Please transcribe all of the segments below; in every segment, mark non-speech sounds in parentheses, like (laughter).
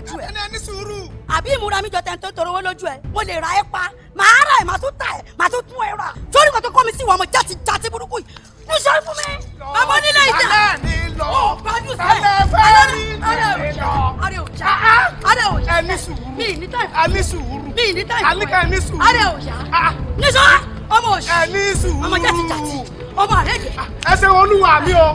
lójú ẹ. ẹnẹ ní sùúrù. àbí ìmúra mi jọ tẹ̀ntẹ́ tòrò owó lójú ẹ mo lè ra ẹ pa màá ra ẹ màá tún ta ẹ màá tún tún ẹ rà torí kan tó kọ́ mi sí ìwà ọmọ jáde jáde burúkú yìí mo ṣe fún mi bàbá nílé ìjà ó gbájú sẹ alẹ òjà alẹ òjà alẹ òjà ẹni sùúrù mi ní táyì ẹni sùúrù mi ní táyì àníkà ẹni sùúrù alẹ òjà ah, ah. níṣọ ọmọ òṣì ẹni sùúrù ọmọ jáde jáde ọmọ àrẹ́jẹ. Ah, ẹsẹ̀ olúwa mi o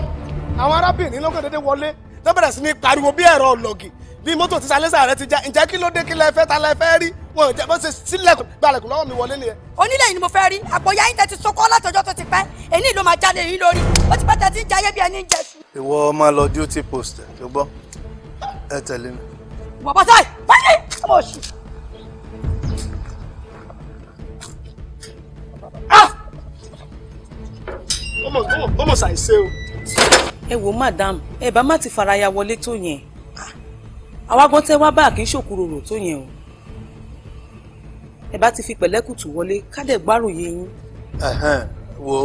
àwọn arábìnrin lọ́kàn dédé wọlé lọ́bẹ̀rẹ̀ sí ní pariwo bí ẹ̀rọ ọlọ́gì bí mọ́tò ti salẹ́sà rẹ ti já ǹjẹ́ kí ló dé kí lẹ fẹ́ ta lẹ fẹ́ rí wọn jẹ́ bó ṣe sílẹ̀kùn gbalẹ̀kùn lọ́wọ́ mi wọlé nìyẹn. onílé yìí ni mo fẹ́ rí àpòyá yín tẹ ti sọkọ́ látọjọ́ tó ti pẹ́ èyí ló máa jáde yín lórí ó ti pẹ́ tẹ ti ń jayé bí ẹni ń jẹ ìwọ máa lọ duty post tó gbọ́ ẹ tẹ̀lé mi. ìwọ sáì báyìí ọmọ òṣù. Ah! ọmọ ọmọ ṣàìṣe o. ẹ wo madam ẹ bá má ti faraya wọlé tó yẹn àwa gan tẹ́ wá bá kì í ṣòkúròrò tó yẹn o ẹ bá ti fi pẹ̀lẹ́kùtù wọlé ká dẹ̀ gbárùn yé yín. wo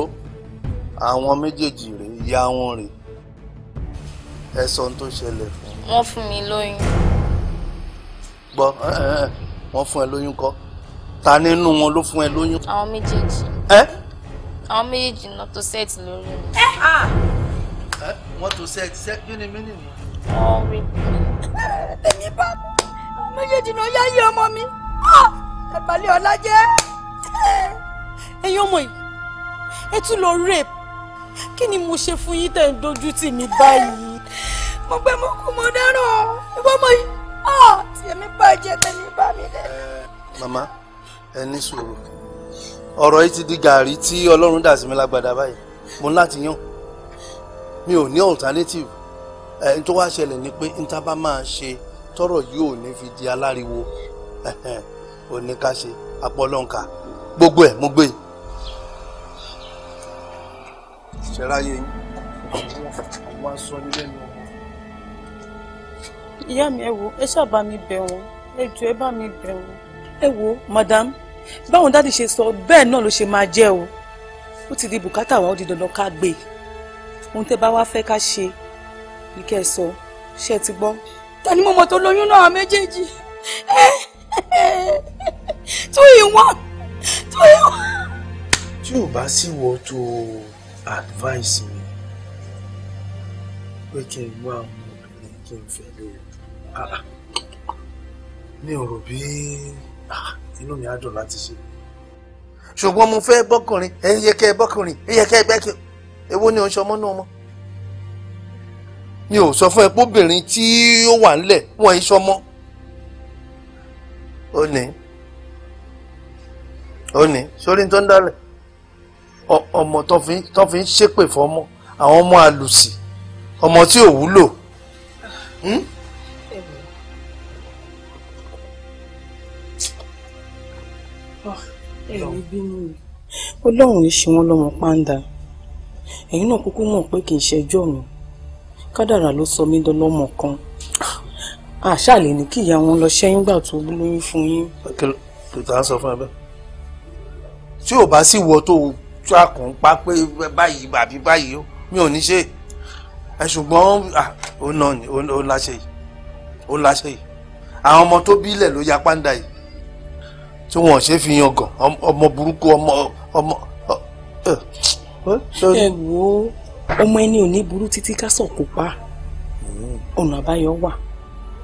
àwọn méjèèjì rèé ìyá wọn rèé ẹ sọ ohun tó ṣẹlẹ̀ fún. wọ́n fún mi lóyún. gbọ́ wọ́n fún ẹ lóyún kọ́ ta nínú wọn ló fún ẹ lóyún. àwọn méjèèjì. ẹ. àwọn méjèèjì náà tó sẹ́ẹ̀tì lórí mi. wọ́n tó sẹ́ẹ̀tì sẹ́ẹ̀tì kí ni mí nìyẹn ọmọ mi. èmi bá méjèèjì náà yá yé ọmọ mi ẹ̀bàlẹ̀ ọ̀la jẹ́. ẹ̀yin ọmọ yìí ẹ lọ rape kí ni mo ṣe fún yín tẹ̀ ń dojú tì mí báyìí. mo gbé mo kú mo dáràn ìwọ ọmọ yìí tèmi bàjẹ́ tèmi bá mi lẹ́nu. màmá ẹ ní sùúrù yìí ti di gàárì tí ọlọ́run dà sí mi lágbàdá báyìí mo láti yàn mi ò ní alternative ẹni tó wá ṣẹlẹ̀ ni pé níta bá máa ṣe tọ́rọ̀ yìí ò ní fi di aláriwo (laughs) ò ní ká ṣe àpọ̀lọ́nkà gbogbo ẹ̀ mo gbé e. ṣẹ́ráyé wọ́n sọ ní lẹ́nu. ìyá mi ẹ wo ẹ ṣáà bá mi bẹ̀ wọ́n ẹ jọ̀ọ́ ẹ bá mi bẹ̀ wọ́n ẹ wo madam báwọn dáàdì ṣe sọ bẹ́ẹ̀ náà ló ṣe máa jẹ́ o ó ti di bùkátà wa ó di dandan ká gbé e. ohun tẹ́ bá wá fẹ́ ká ṣe ní kẹ́ ẹ sọ ṣe ti gbọ́. ta ni mo mọ̀ tó lóyún náà méjèèjì (laughs) two in one two in one. tí ò bá sí wọ tó advice mi pé kí n wá àwọn obìnrin kí n fẹ́ lé ah, ah. mi ò rò bí ah, inú mi á dùn láti ṣe. ṣùgbọ́n mo fẹ́ bọ́kùnrin ẹ̀yin yẹ kẹ́ ẹ bọ́kùnrin ẹ̀yin yẹ kẹ́ ẹ gbẹ́kẹ̀ èwo ni ò ń ṣọmọ́ náà mọ́ mi ò sọ fún ẹ pé obìnrin tí ó wà ńlẹ̀ wọ́n iṣọ́ mọ́ ó ní ó ní sórí tó ń dálẹ̀ ọmọ tó fi ń ṣépè fọmọ àwọn ọmọ àlùsì ọmọ tí ò wúlò. Hm? ọlọ́run ní ṣe wọ́n lọ́mọ pàǹdà ẹ̀yin náà kúkú mọ̀ pé kì í ṣe ẹjọ́ mi kádàrà ló sọ mí dọlọ́mọ kan àṣàlè ní kí ìyá wọn lọ ṣẹ́yìn gbà tó lóyún fún yín. tòtò á sọ fún ẹ bẹ́ẹ̀. tí ò bá sì wọ tó tó àkànpá pé báyìí àbí báyìí mi ò ní ṣe ẹ ṣùgbọ́n ó náà ni ó láṣẹ yìí ó láṣẹ yìí àwọn ọmọ tó bílẹ̀ ló ya pàǹdà yìí tí wọn ṣe fi yan gàn ọmọ burúkú ọmọ ọmọ. ẹ wo ọmọ ẹni ò ní burú títí ká sọ kó pa ọ̀nà àbáyọ wà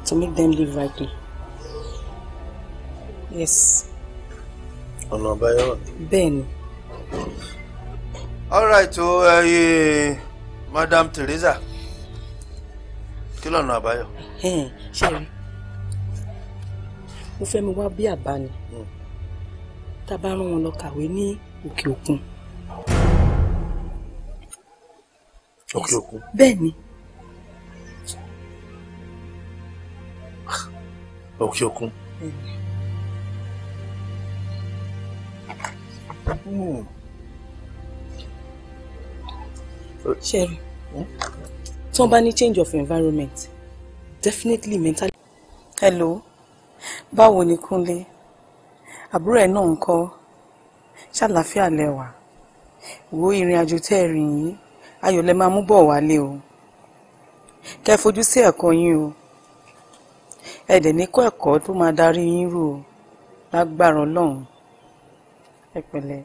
to make them live rightly yes. ọ̀nà àbáyọ wà. bẹ́ẹ̀ ni. all right o oh, eh, madam Teresa kí lọ́nà àbáyọ. ṣe rí mo fẹ́ mi wá bí àbá ni hmm. tá a bá rán wọn lọ kàwé ní òkè òkun. Mm òkè òkun. bẹ́ẹ̀ ni. òkè òkun. ṣẹ́rí tí wọ́n bá ní change of environment definitely mental. hello báwo ni Kúnlé àbúrò ẹ̀ náà ń kọ́ ṣàlàáfíà lẹ́wà wo ìrìn àjò tẹ́ ẹ rìn yìí ayọ̀ lẹ máa mú bọ̀ wálé o kẹ fojú sí ẹ̀kọ́ yín o ẹ dẹ̀ ní kọ́ ẹ̀kọ́ tó máa darí yín rò ó lágbára ọlọ́run ẹ pẹ̀lẹ́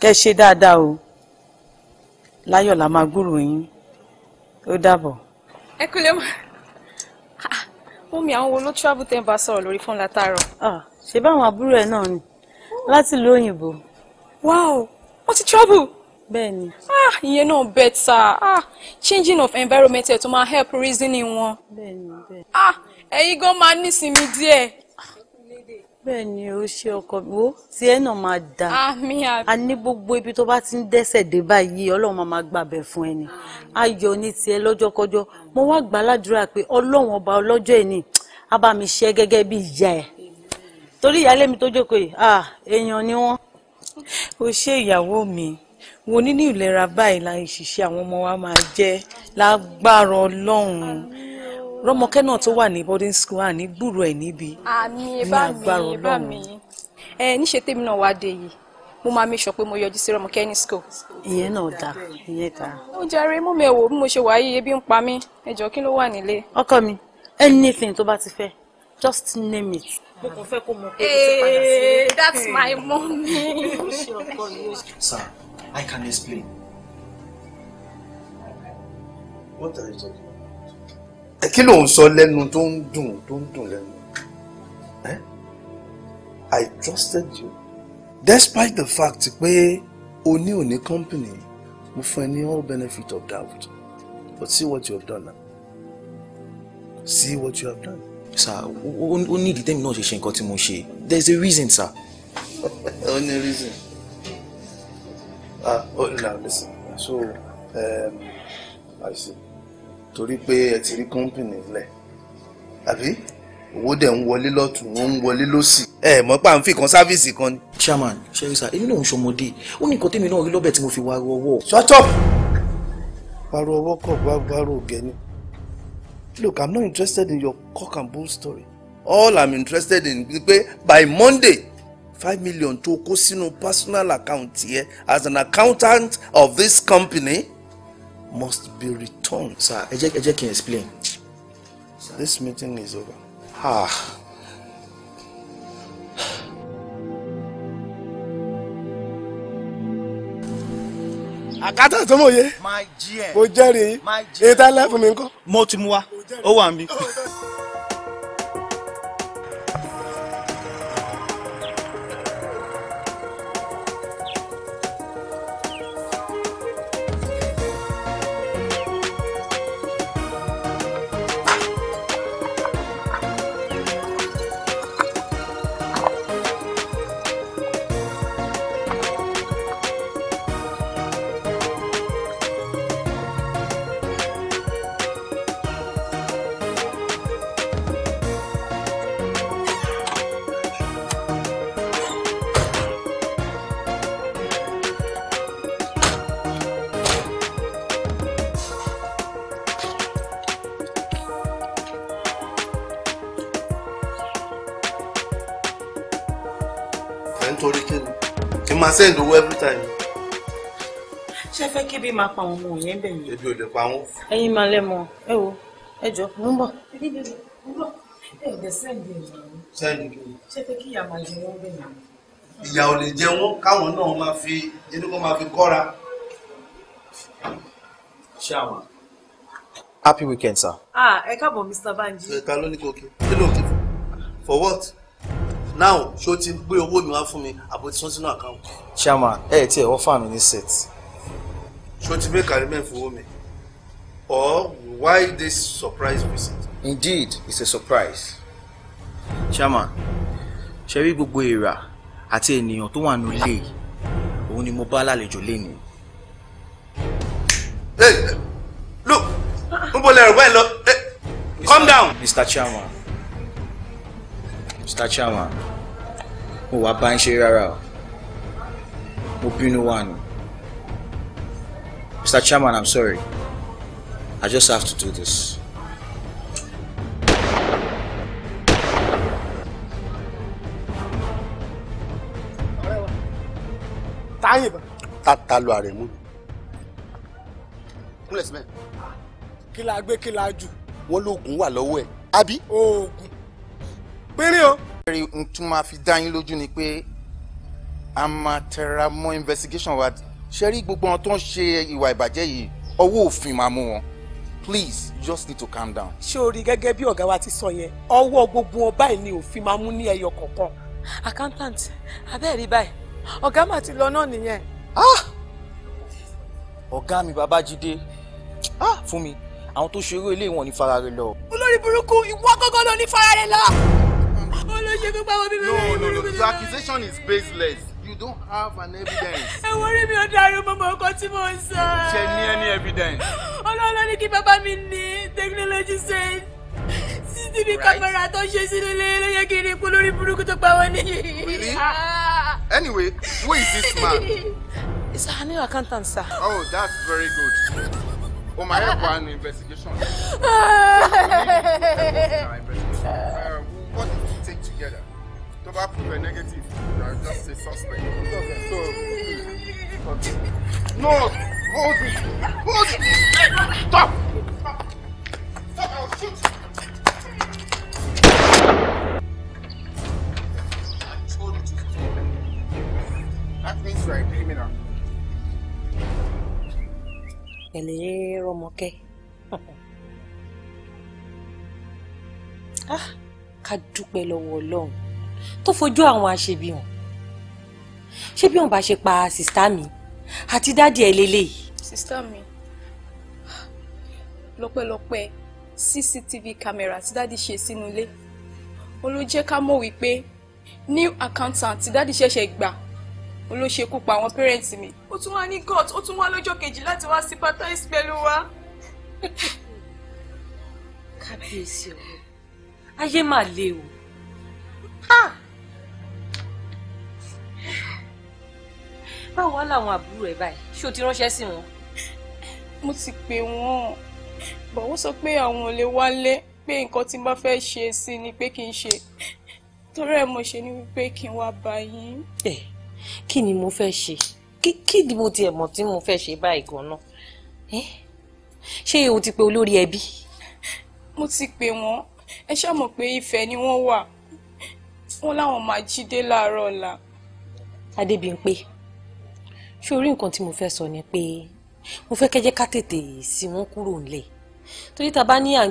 kẹ ṣe dáadáa o láyọ̀ la máa gbúrò yín ó dàbọ̀. ẹ kúlẹ̀ mọ́ mú mi àwọn wo ló travel ten bá sọ̀rọ̀ lórí fún látàárọ̀. Ah, ṣé báwọn àbúrò ẹ náà ni láti ìlú òyìnbó. wáò wọ́n ti travel bẹ́ẹ̀ni. ah ìyẹn náà bẹ́tà ah changing of environment ẹ̀ tó máa help reasoning wọn. bẹ́ẹ̀ni bẹ́ẹ̀ni. ah ẹ̀yin gan máa nísinmi díẹ̀. bẹ́ẹ̀ni o ṣe ọkọ wo tí ẹ náà máa dà. àmì àbí. a ní gbogbo ibi tó bá ti ń dẹ́sẹ̀ dé báyìí ọlọ́run máa máa gbàbẹ̀ fún ẹni. ayọ̀ ní tiẹ̀ lọ́jọ́kọ́jọ́ mo wá gbà ládùúrà pé ọlọ́run ọba ọlọ́jọ́ ẹ̀ ni a bá mi ṣe gẹ́gẹ́ bí ìyá ẹ̀ torí ìyá lẹ́mi tó jókòó yìí ah èèyàn ni wọ́n. o ṣe ìyàwó mi wo nínú ìlera báyìí la ìṣiṣẹ́ àwọn ọmọ wa máa jẹ́ lágbára ọlọ́run rọmọkẹ́ náà tó wà ní boarding school à ní gbúrò ẹ̀ níbi ní agbára ọlọ́run. ẹ níṣe tèmi náà wá dé yìí mo máa mi sọ pé mo yọjú sí rọmọkẹ́ ní school. ìyẹn náà dà ìyẹn dà. ó jàre mú mi ẹ̀ wò bí mo ṣe wà yìí ebi ń pa mí ẹ kí ló wà nílé. ọkọ mi anything tó bá ti fẹ́ just name it mo kàn fẹ́ kó mọ pé o ti padà sí. Eh, that's my mommy. sir I can explain. What are you talking about? Eh, kí ló ń sọ lẹ́nu tó ń dùn tó ń dùn lẹ́nu? Eh? I trusted you despite the fact pé o ní òní company mo fún ẹ ní all benefit of doubt but see what you have done now see what you have done. sir ó ní ìdí tẹ́mi náà ṣe ṣe nǹkan tí mo ṣe there is a reason sir. (laughs) Only reason ah oh now listen so um, i see torí pé ẹ ti rí company lẹ̀ àbí owó dẹ̀ ń wọlé lọ́tún ó ń wọlé lọ́sì ẹ mọ̀ pé à ń fi kan sáfíìsì kan ni. chairman ṣẹ́yìnsà èmi náà ń ṣọmọdé ó ní nǹkan tẹ́mi náà rí lọ́bẹ̀ tí mo fi wá ọwọ́. shut up pariwo ọwọ́ kọ̀ wá gbárò gẹ̀ẹ́ni look i'm not interested in your cock and bull story all i'm interested in is pé by monday five million to kó sínú personal account yẹ as an accountant of this company must be returned. sir ẹ jẹ́ ẹ jẹ́ kí n explain. Sir. this meeting is over. Ah. àkátà tó mọ̀ yé mo jẹ́rìí èyí tá lẹ́fún mi ń mo ti mú wa ó wà ń bí. nítorí kíni kí n máa send owó every time. ṣé fẹ́ kí bí máa pa àwọn ọmọ yẹn bẹ̀ yẹn. ebi ò lè pa wọn. ẹ̀yin máa lẹ mọ ẹ wo ẹ jọ mú bọ. ẹ ẹ sẹ́ndì ẹ̀ yẹn. sẹ́ndì kí ni. ṣé fi inú kan máa fi kọ́ra. ṣáà happy weekend sir. ah ẹ káàbọ̀ mr banji. ẹ ta ló ní kókè kí for what now ṣé o ti gbé owó mi wá fún mi àbò ti sún sínú àkáǹtì. chairman ẹ ti ẹ offer mi ní set. ṣé o ti make arrangement fowó mi or why this surprise visit. indeed it's a surprise. chairman ṣe rí gbogbo èrà àti ènìyàn tó wà nù ilé yìí òun ni mo bá lálejò lénìí. ẹ ló ń bọ̀ lẹ́rù báyìí lọ calm down. mr chairman Mr. Chairman mo wá bá ń ṣe rárá o mo bínú wà nù Mr. Chairman I'm sorry I just have to do this. táyìn bá. ta ta lu ààrẹ mú. kúnlẹ̀ síbẹ̀. kí la gbé kí la jù. wọ́n lóògùn wà lọ́wọ́ ẹ̀. àbí. oògùn péré o. ẹ̀rí tún máa fi dá yín lójú ni pé a máa tẹra mọ́ investigation wa ṣe rí gbogbo wọn tó ń ṣe ìwà ìbàjẹ́ yìí ọwọ́ òfin máa mú wọn please you just need to calm down. ṣé o rí gẹ́gẹ́ bí ọ̀gá wa ti sọ yẹn ọwọ́ gbogbo wọn báyìí ni òfin máa mú ní ẹyọ kọ̀ọ̀kan. accountant abẹ́ẹ̀rí báyìí ọ̀gá mà ti lọ náà nìyẹn. Ah! ọ̀gá mi babájídé ah, fún mi àwọn tó ṣerú ilé wọn ní fara rẹ lọ. olórí burúkú ìwọ gọ́gọ́ ló ní fara rẹ lọ. No, no, no. The accusation is baseless. You don't have an evidence. Ẹ wo rí mi ọ̀dọ̀ àrùn mọ̀mọ́ ọkọ tí mo ń sọ. Ṣé ní any evidence? Ọlọ́run ní kí bàbá mi ní technology says CCTV camera tó ṣe sínú ilé ló yẹ kí n ipò lórí burúkú tó pa wọ́n Really? Ah. Anyway, who is this man? It's her new accountant, sir. Oh, that's very good. Oh, my help an investigation. (laughs) investigation. Uh, what is bá prove a negative, you are just a suspect. So, No! Hold me! Hold me! Hey, stop! Stop! Stop! I'll shoot you! That means you are a criminal. (laughs) Ah, ká dúpẹ́ lọ́wọ́ tó fojú àwọn aṣebi hàn ṣé bí wọn bá ṣe pa sìstá mi àti dáàdì ẹ lélẹyìí. sìstá mi lọ́pẹ́lọpẹ́ cctv camera tí dáàdì ṣe sínú ilé ó ló jẹ́ ká mọ̀ wípé new accountant tí dáàdì ṣẹ̀ṣẹ̀ gbà ó ló ṣekú pa àwọn parents mi. ó tún wá ní gut ó tún wá lọ́jọ́ kejì láti wá sympathize pẹ̀lú wa. kábíyèsí o ayé mà le o. ha! báwo wá làwọn àbúrò ẹ báyìí ṣé o ti ránṣẹ́ sí wọn. mo ti pè wọ́n bọ̀wọ́ sọ pé àwọn ò lè wálé pé nǹkan tí n bá fẹ́ ṣe sí ni pé kí n ṣe torí ẹ̀ mo ṣe ni wípé kí n wá bá yín. ẹ kí ni mo fẹ́ ṣe kí ni mo tiẹ̀ mọ̀ tí mo fẹ́ ṣe báyìí gan-an ṣé o ti pe olórí ẹbí. mo ti pè wọ́n ẹ ṣáà pé Ifẹ̀ ni wọ́n wà wọ́n láwọn máa jíde láàárọ̀ ọ̀la. Adébímpé ṣé orí nǹkan tí mo fẹ́ sọ ni pé mo fẹ́ kẹ́jẹ́ ká tètè sí wọn kúrò ńlẹ̀ torí ta bá ní à ń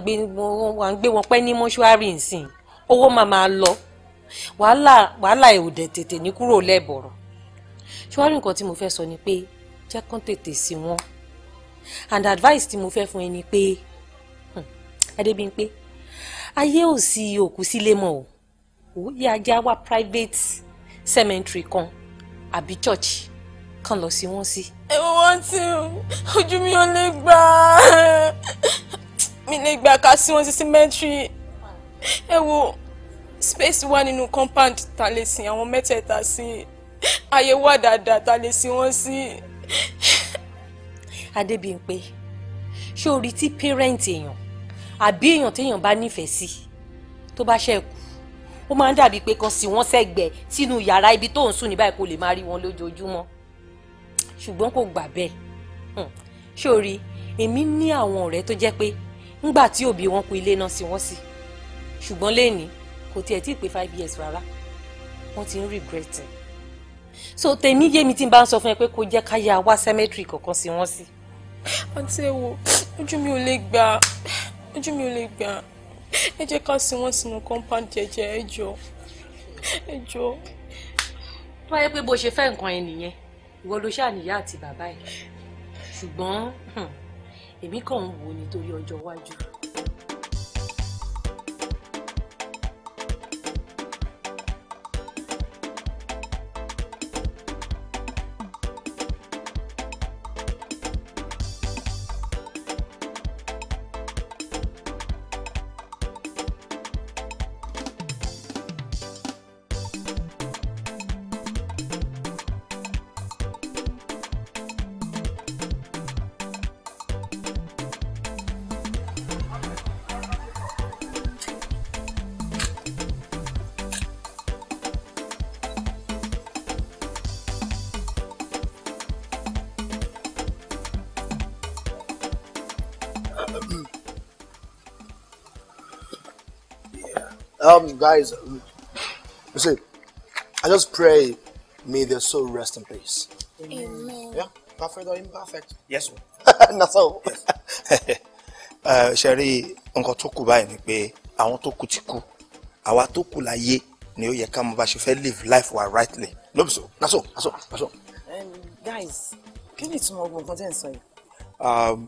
gbé wọn pẹ́ ní mọ́ṣúárì nsìn owó máa máa lọ wàhálà wàhálà ẹ̀ ò dẹ̀ tètè ní kúrò lẹ́ẹ̀bọ̀rọ̀ ṣúárì nǹkan tí mo fẹ́ sọ ni pé jẹ́ kán tètè sí wọn and advice tí mo fẹ́ fún ẹ ni pé Adébímpé hmm, ayé ò sí òkú sílé mọ́ o òye ajá wa private cemetery kan àbí church kàn lọ sí wọn sí. ẹ wọ́n ti ojú mi ò lè gbà mi lè gbà ká sí wọn sí cemetery ẹ wo space wà nínú compound ta lè sin àwọn mẹ́tẹ̀ẹ̀ta sí àyè wà dáadáa ta lè sin wọ́n sí. Adébíyìnpé ṣé o rí tí pẹ́rẹ́ǹtì èèyàn àbí èèyàn téèyàn bá nífẹ̀ẹ́ sí tó bá ṣe kú ó máa ń dàbí pé kan sí wọ́n sẹ́gbẹ̀ẹ́ sínú yàrá ibi tó ń sùn ní kó lè máa rí wọn lójoojúmọ́ ṣùgbọ́n kò gbà bẹ́ẹ̀ hmm. ṣòrí èmi ní àwọn ọ̀rẹ́ tó jẹ́ pé ńgbà tí òbí wọn kú ilé náà sí wọ́n sí ṣùgbọ́n lẹ́ni kò tiẹ̀ tí ì pé five years rárá wọ́n ti ń regret ẹ̀ so tèmi yé mi tí n bá ń sọ fún ẹ pé kò jẹ́ ká yá wá cemetery kankan sí wọ́n sí. àǹtí ẹ wo ojú mi ò lè gbà ojú mi ò lè gbà ẹ jẹ́ ká sin wọ́n sínú compound jẹ́jẹ́ ẹ jọ̀ọ́ ẹ jọ̀ọ́. tó pé bó ṣe fẹ́ nǹkan ẹ nìyẹn ìwọ ló ṣáà níyà àti bàbá ẹ̀ ṣùgbọ́n hmm, èmi kàn ń wò nítorí ọjọ́ iwájú. Um, guys, you see, I just pray may their soul rest in peace. Amen. Yeah, perfect or imperfect. Yes, sir. (laughs) Na so. (laughs) Uh, ṣe rí nǹkan tó kù báyìí ni pé àwọn tó kù ti kú, àwa tó kù láyé ni ó yẹ ká mọ̀ bá ṣe fẹ́ live life wa rightly. Lóbi so, na so, na so, na so. Um, guys, kí ni ìtumọ̀ ogun kan tẹ̀ ń sọ yìí? Um,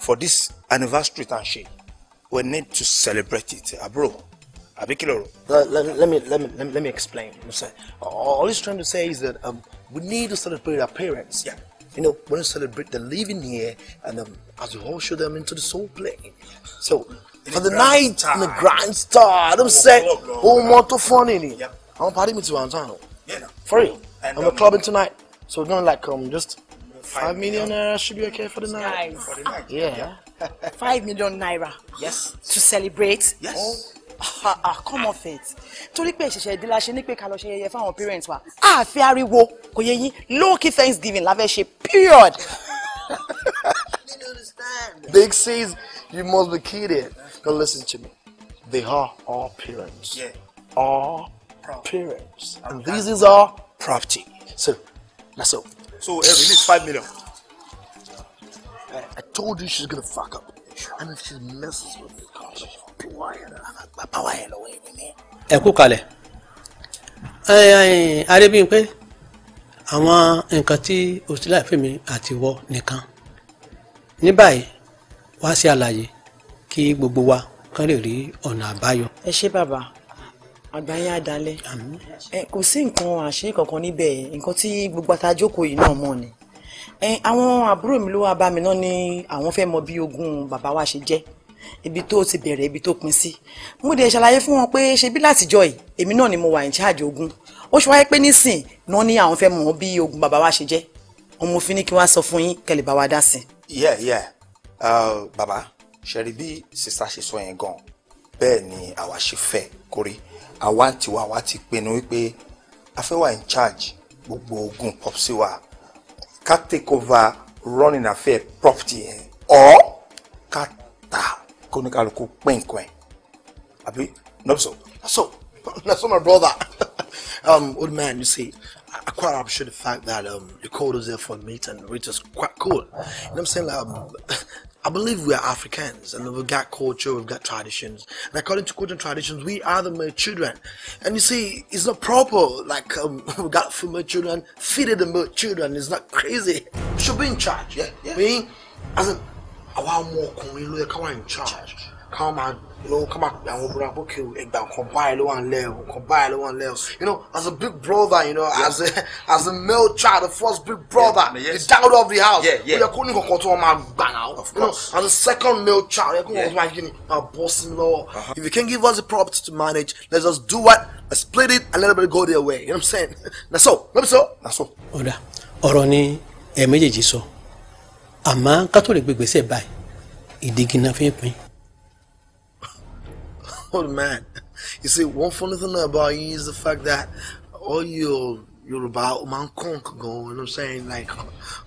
for this anniversary tan ṣe, we need to celebrate it, àbúrò. let me let me let me let me explain all he's trying to say is that um, we need to celebrate our parents yeah you know we need to celebrate the living here and um, as we all show them into the soul plane so in for the, the night star. in the grand star don't oh, say oh, oh, oh more to fun in it àwọn party mi I'm ntàn o for real and, I'm um, clubbing tonight so we're gonna like um just five million naira uh, should be okay for the night. For the night. Yeah. yeah. five million naira. Yes. To celebrate. Yes. Ah, come off it torí pé ìṣẹ̀ṣẹ̀ ìdílé la ṣe ní pé ká lọ ṣe yẹyẹ fáwọn parents wa àfi ariwo kò yẹ yín lókè thanksgiving la fẹ́ ṣe period. (laughs) Big says, you must be kidding. Now listen to me. They are all parents. Yeah. All parents. And this is our property. So, that's so. So, every needs five million. I told you she's gonna fuck up and if she messes with me púpọ̀ yẹn gba pàwọ́ yẹn lọ́wọ́ ẹ̀mí mi. ẹ kú kalẹ̀ àwọn nǹkan tí òsínlẹ̀ fèmí àti nìkan ní báyìí wá sí àlàyé kí gbogbo wa kán lè rí ọ̀nà àbáyọ. ẹ ṣé bàbá àgbáyé àdálẹ kò sí nǹkan àṣẹ kankan níbẹ̀ nǹkan tí gbogbo àtàjókòó yìí náà mọ̀ ni àwọn àbúrò mi ló wá bá mi náà ní àwọn fẹ́ mọ bí ogún bàbá wa ṣe jẹ́ ibi tó ti bẹ̀rẹ̀ ibi tó pin sí mo dẹ̀ ṣàlàyé fún wọn pé ṣe bí látijọ́ yìí èmi náà ni mo wà in charge ogún ó ṣe wáyé pé nísìn náà ní àwọn fẹ́ mọ bí ogún bàbá wa ṣe jẹ́ ọmọ òfin ni kí wọ́n sọ fún yín kẹlẹ̀ bá wa dá sí. yeah yeah uh, bàbá ṣẹ̀rí bí sista ṣe sọ yẹn gan bẹ́ẹ̀ ni àwa ṣe fẹ́ kórí àwa tiwa àwa ti pinnu wípé a fẹ́ wà in charge gbogbo ogún popsi wa ká take over running affair property yẹn ọ̀ ká tà kó ní kálukú pín Abi, ẹ̀ àbí nọ́bùsọ̀. so na so my brother (laughs) um, old man you see. I quite appreciate the fact that um, you called us there for a meet and which is quite cool. You know what I'm saying? Like, um, (laughs) I believe we are Africans and we've got culture, we've got traditions. And according to culture and traditions, we are the male children. And you see, it's not proper. Like, um, (laughs) we got female children, feed the male children. It's not crazy. We should be in charge, yeah? yeah. We, as in, our more we are in charge. káwọn máa lọ ká máa pè àwọn obìnrin àpòkè ẹgbà kan báyìí ló wà ń lẹ o kan báyìí ló wà ń o you know as a big brother you know yeah. as a as a male child the first big brother yeah, yes. the dad of the house ó yẹ kó ní kankan tó wọn máa gbà náà you know as a second male child ó yẹ kó wọn máa yí ni máa bọ́ sí mi lọ́wọ́ uh-huh. if you can give us the property to manage let us do what I split it and let everybody go their way you know what I'm saying na so no be so na so. ọ̀dà ọ̀rọ̀ ni ẹ̀ méjèèjì sọ àmọ́ kátó lè gbégbèsè báyìí ìdígi náà fi ń pín old man. You see, one funny thing about you is the fact that all your your about man conk go, you know what I'm saying? Like,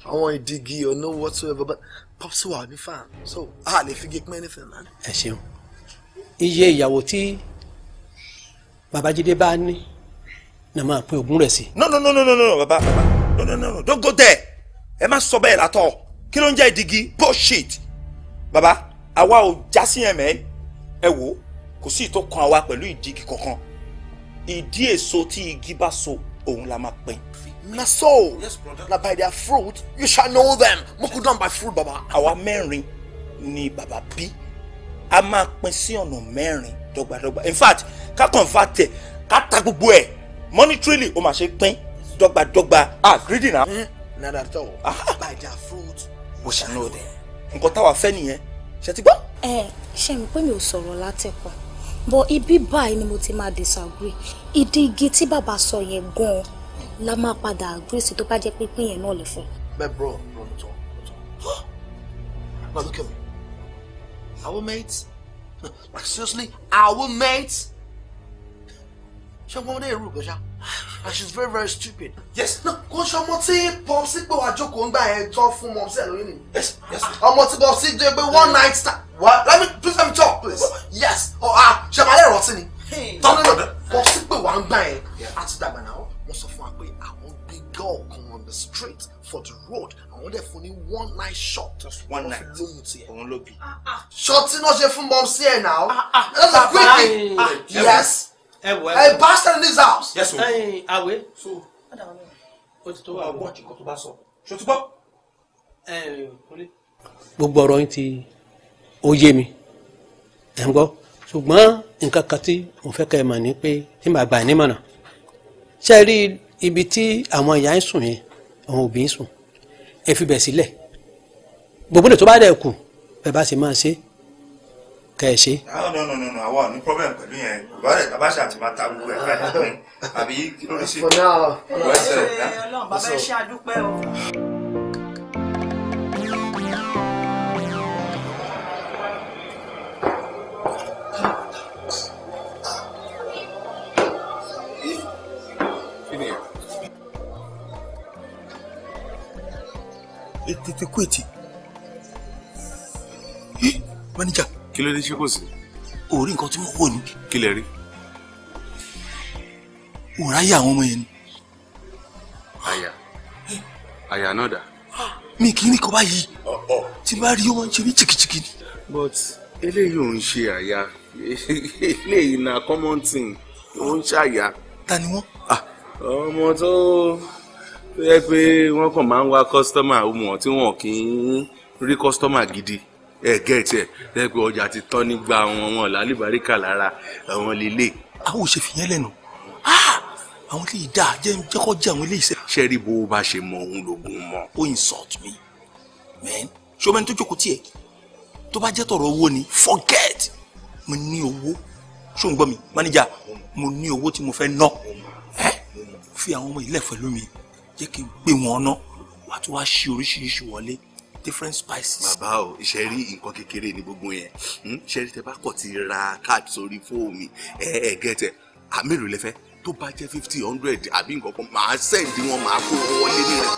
I want to dig or no whatsoever, but pops who are me fan. So, ah, they forget me anything, man. Ẹ ṣeun. Iye ìyàwó tí Babajide bá ní na máa pín ogún rẹ̀ sí. No no no no no no baba baba no no no no don't go there. Ẹ má sọ bẹ́ẹ̀ látọ̀. Kí ló ń jẹ́ ìdígi? Bullshit. Baba, àwa ò já sí ẹ̀mẹ́. Ẹ wò ó kò sí ìtò kan àwa pẹ̀lú ìdí igi kankan ìdí èso tí igi bá so òun la máa pín. na so yes, na by their fruit you shall know them mo kú dán by fruit baba. àwa mẹ́rin ni bàbá bí a máa pín sí ọ̀nà mẹ́rin dọ́gbadọ́gba in fact ká convert ẹ̀ ká ta gbogbo ẹ̀ monetarily ó máa ṣe pín dọ́gbadọ́gba ah greedy na. na that all by their fruit we shall know them nǹkan táwa fẹ́ nìyẹn ṣe ti gbọ́. ẹ eh, ṣe mi pé mi ò sọ̀rọ̀ látẹ̀kọ́ but ibi báyìí ni mo ti máa disagree ìdí igi tí bàbá sọ yẹn gan-an la máa padà agree sí tó bá jẹ́ pínpín yẹn náà lè fún. bẹ́ẹ̀ bro bro no talk no talk now look at me our mates (laughs) seriously our mates ṣé wọn dé irú gan ṣáá and she's very very stupid. yes no kò ṣe ọmọ tí popsi pé wàá jókòó ńgbà yẹn tán fún mọ sí ẹ lóyún nìyí. yes yes ọmọ tí popsi jẹ pé one night stand wa let me please let me talk please yes Oh. ah ṣàmàlẹ́ ìrọ̀tí ni. tọ́kọ̀dọ̀ popsi pé wàá ń gbà yẹn àti dàgbà náà wọ́n sọ fún wa pé àwọn gbé girl kan on the street for the road àwọn dẹ̀ fún ní one night shot. just one night lóhun tiẹ̀. òun ló bí. ṣọtí náà ṣe fún mọ sí ẹ náà. Ah, ah. that's a quick thing. Ah, yes ẹ wọ pastor in this house. yes o. ẹyin àwẹ. so o ti tó wà wọ ọjọ tó bá sọ ṣo ti gbọ́. gbogbo ọ̀rọ̀ yín ti ó yé mi ẹ̀ ń gbọ́ ṣùgbọ́n nǹkan kan tí mo fẹ́ kẹ́ ẹ mọ̀ ni pé tí màá gbà ní mọ̀nà ṣe rí ibi tí àwọn ìyá ń sùn yẹn àwọn òbí ń sùn ẹ fi bẹ̀ sílẹ̀ gbogbo ètò bá dẹ̀ kù bẹ́ẹ̀ bá ṣe máa ṣe é kẹ ẹ ṣe. Ah, no no no no àwa ò ní problem pẹ̀lú yẹn ìbálẹ̀ bàbá ṣe àti máa ta gbogbo ẹ̀ ká ní àbí kí ló ń ṣe. for now ẹ ṣe Ọlọ́run bàbá ẹ ṣe àdúpẹ́ o. ètètè kú ètè manager kí ló dé ṣé kò sí. orí nǹkan tí mo wò ní. kí lẹ rí. òun ráyà àwọn ọmọ yẹn ni. àyà àyà náà dà. mi kì í rí kọ́ báyìí tí bá rí ó ṣe ní chìkìchìkì ni. but eléyìí ò ń ṣe àyà eléyìí na common thing ó ń ṣàyà. ta ni wọ́n. ọmọ tó tó yẹ pé wọ́n kàn máa ń wá kọ́sítọ́mà ọmọ tí wọ́n kì í rí kọ́sítọ́mà gidi ẹ gẹ́ẹ̀tì ẹ̀ lẹ́gbẹ̀ẹ́ ọjà ti tán nígbà wọn wọn lálìbáríkà lára àwọn lílé. Ah! àwọn òṣè fìyẹn lẹ́nu àwọn ilé ìdá jẹ́kọ́ jẹ́ àwọn ilé ìṣe. sẹ́rí bó o bá ṣe mọ òun lògùn mọ. ó insult me man ṣọmọdé tó jókòó tiẹ̀ tó bá jẹ́ tọ̀rọ̀ owó ni forget mo ní owó ṣó ń mi manager mo ní owó tí mo fẹ́ ná ẹ́ fi àwọn ọmọ ilé ẹ̀fọ́ lómi jẹ́ kí n gbé wọn ná wàá tún wá ṣe oríṣiríṣi wọlé different spices. bàbá o ṣe rí nǹkan kékeré ní gbogbo yẹn hmm? ṣe rí tẹ bá kọ̀ ti ra card sórí fóònù ẹ ẹ gẹ́tẹ̀ àmìlò lẹ́fẹ́ tó bá jẹ́ fifty hundred àbí nǹkan kan màá sẹ́ǹdì wọn màá kó wọlé nílẹ̀.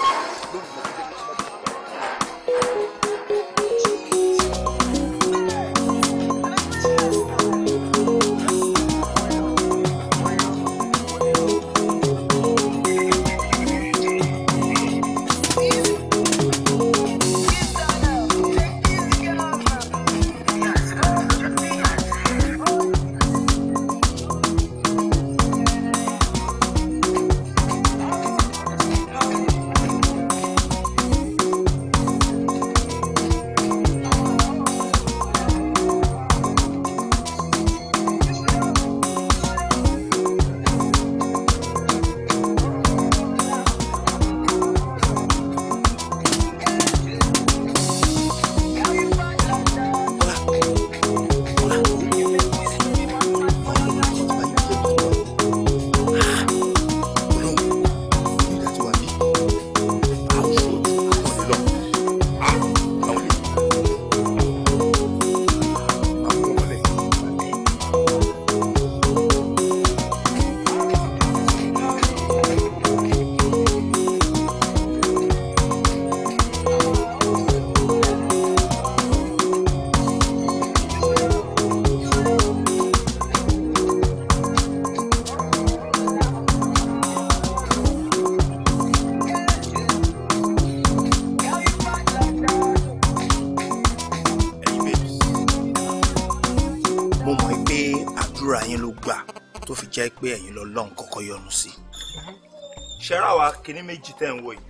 àwa kìíní méjì tẹ̀ ń wò yìí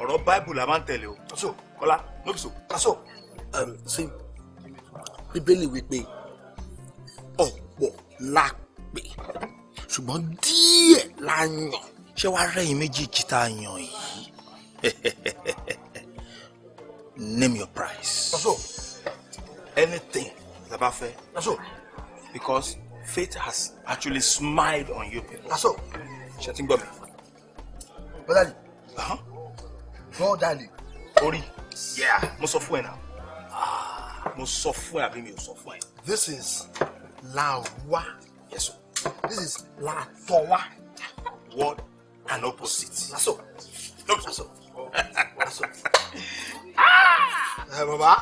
ọ̀rọ̀ báìbùlù la máa ń tẹ̀lé o kaso kọ́lá nóbìsọ kaso. ṣé um, bíbélì wípé ọ̀pọ̀ la pè ṣùgbọ́n díẹ̀ la yàn ṣé wàá rẹ́yìn méjì jìtá yàn yìí (laughs) name your price. kaso anything la bá fẹ́ kaso because fate has actually smiled on you. kaso ṣe ti gbọ́ mi bọ́dàlì uh-huh. bọ́dàlì. orí mo sọ fún ẹ náà ah. mo sọ fún ẹ àbí mi ò sọ fún ẹ. this is lawa yes sir this is latọwa word and opposite. naso naso naso. Hey, ah! eh, baba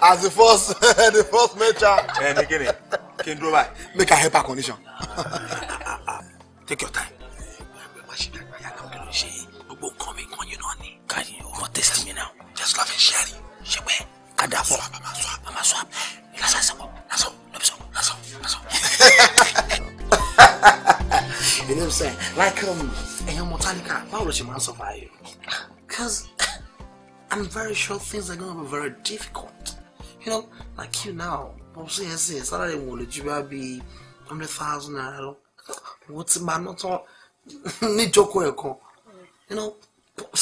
(laughs) as the first (laughs) the first matcha. ẹ ní kí ni kí n dúró báyìí. make i help her condition. (laughs) take your time. su la fẹ́ ṣe àrí ṣe pé ká dà fún wa màmá sọ màmá sọ lásán ẹsẹ pọ lásán lọbi sọ lásán lásán. you know what i'm saying like um, ọmọ tálíkà báwo ló ṣe máa ń sọ fún ayé. cause i'm very sure things are gonna be very difficult you know like you now mo sì yẹn sì sára rẹ̀ wò lè ju bá bíi hundred thousand naira lọ wọ́n ti máa ná tán níjókòó ẹ̀ kan you know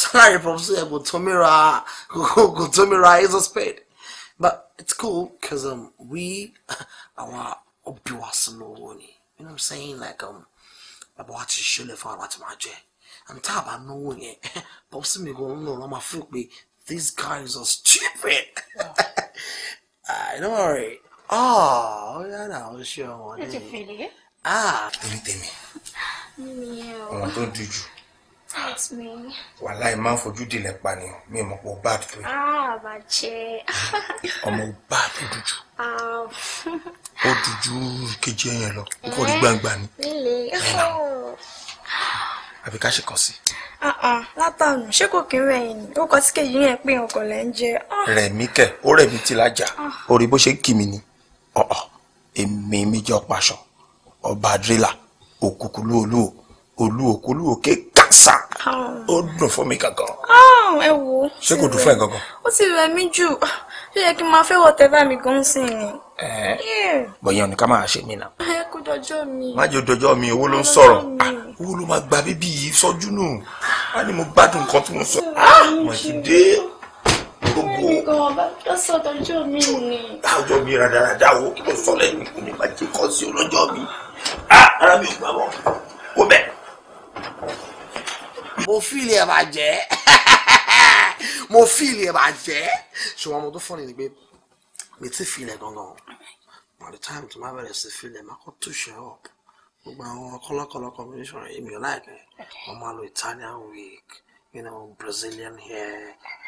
salary proposal yẹn kò tó mi ra kò tó mi ra ace of spade but it's cool because um, we àwọn òbí no one. you know what i'm saying like um, bàbá wa ti ṣiṣẹ́ lè fún àwọn àti máa jẹ and tá (laughs) a bá náwó yẹn bọ́sí mi gan ń lọ these guys are stupid i (laughs) ah, don't worry oh yeah, ọ̀yá sure. ó ṣe ọmọ ní. ah. tell me, torí tèmi ọmọ do you. That's me. Wàláì máa ń fojú dìlẹ̀ pa ni mi ò mọ̀ pé o bá dúdú yìí. Ah, (laughs) Ọmọ o bá dúdú jù. Ó dúdú kejì ẹ̀yàn lọ, ó kọ́ rí eh, gbangba ni. Eh. (laughs) Àbí ká ṣe kàn sí. Ah, ah, Látàánú, ṣé kò kí ń rẹ̀ yìí ni? Ó kọ sí kejì yẹn pé ọkọ̀ lẹ́ ń jẹ. Ah. Rẹ̀ mí kẹ̀, ó rẹ̀ mí ti lájà. Orí bó ṣe ń kì mí ni. Oh, oh. Èmi méjì ọ̀pá aṣọ, ọba àdírélà, òkùnkùn lóolóò, olú òkú lóò kéèké sà ah. ó dùn fún mi kankan. Ah, ẹ wo ṣé kò dùn fún ẹ kankan. ó ti rẹ̀ mí jù ṣé yẹ kí n máa fẹ́ wọ tẹ́fà mi gan sí ni. bọ̀yẹ̀ ọ̀nì ká máa ṣe mí nà. ẹ kó dọjọ́ mi. má jẹ́ dọjọ́ mi owó ló ń sọ̀rọ̀ ah, owó ló máa gba bíbí yìí sọ́jú nù á ní mo gbádùn nǹkan tí mo sọ. mo ti dé gbogbo. ẹnì kan ọba tó mi ni. dáwọ́jọ́ kí ló sọ lẹ́nu ìkùnì má jẹ́ kọ́ sí olójọ́ mi. ara mi ò gbà wọ́n kó bẹ́ẹ̀ mo fíìlì ẹ̀ bàjẹ́ (laughs) mo fíìlì ẹ̀ bàjẹ́ ṣùgbọ́n mo tó fọ́ ni ni pé mi ti fílẹ̀ gangan by the time tí ma bẹ̀rẹ̀ sí fílẹ̀ ma kọ́ túṣẹ̀ up gbogbo àwọn kọ́lọ́kọ́lọ́ combination rẹ̀ èmi ò láìpẹ́ wọ́n máa Italian wig you know Brazilian hair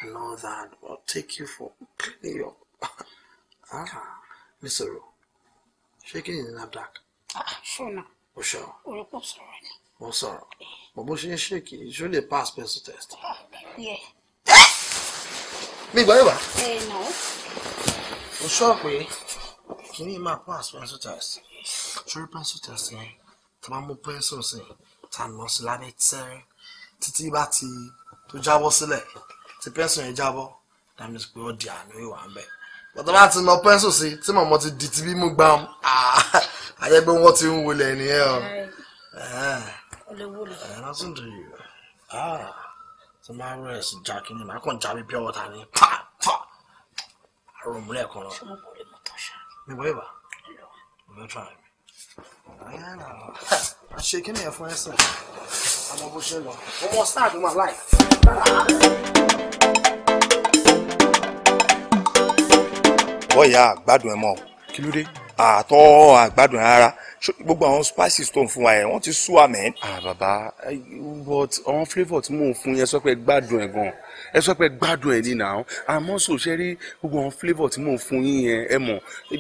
and all that will take you for clean up (laughs) ah nisoro ṣé kí ni nabdak. ah ṣọ́nà. o ṣọ́. orúkọ sọ̀rọ̀ ni mo sọ̀rọ̀ mo bó ṣe ń ṣe kì í ṣó lè pass pencil test. mi gbọ́ ìwà. mo sọ pé kí ni máa pass pencil test ṣórí pencil test yẹn tá a bá mú pencil sí tá a nọ sí lábẹ́ tẹ́rẹ́ títí bá ti tó jábọ́ sílẹ̀ tu pencil yẹn jábọ́ that means pé ó di àánú ìwà ń bẹ̀ bọ́tọ̀ bá ti nọ pencil sí tí mọ̀mọ́ ti di ti bí mú gbam àjẹgbẹ́ wọn ti ń wọlé ẹni o olówó rẹ. ẹ lásán tó yìí ah tí máa rẹ sí já kí ni màá kàn já mi bí ọwọ́ ni pa pa àrùn múlẹ̀ kan lọ. mi wọ ìwà mo fẹ́ tún àmì. ayá nà á ṣe kí ni ẹ fún ẹsẹ àmọ́ bó ṣe lọ ọmọ sáà ló máa ẹ̀ mọ́ kí ló dé àtọ́ àgbàdùn rárá gbogbo àwọn spices tó ń fún wa yẹn wọ́n ti sú wa ah, bàbá eh, but àwọn flavour tí mò ń fún yẹn sọ pé gbádùn ẹ̀ gan ẹ sọ pé gbádùn ẹ̀ nínú àwọn àmọ́ sò ṣe rí gbogbo àwọn flavour tí mò ń fún yín yẹn ẹ mọ̀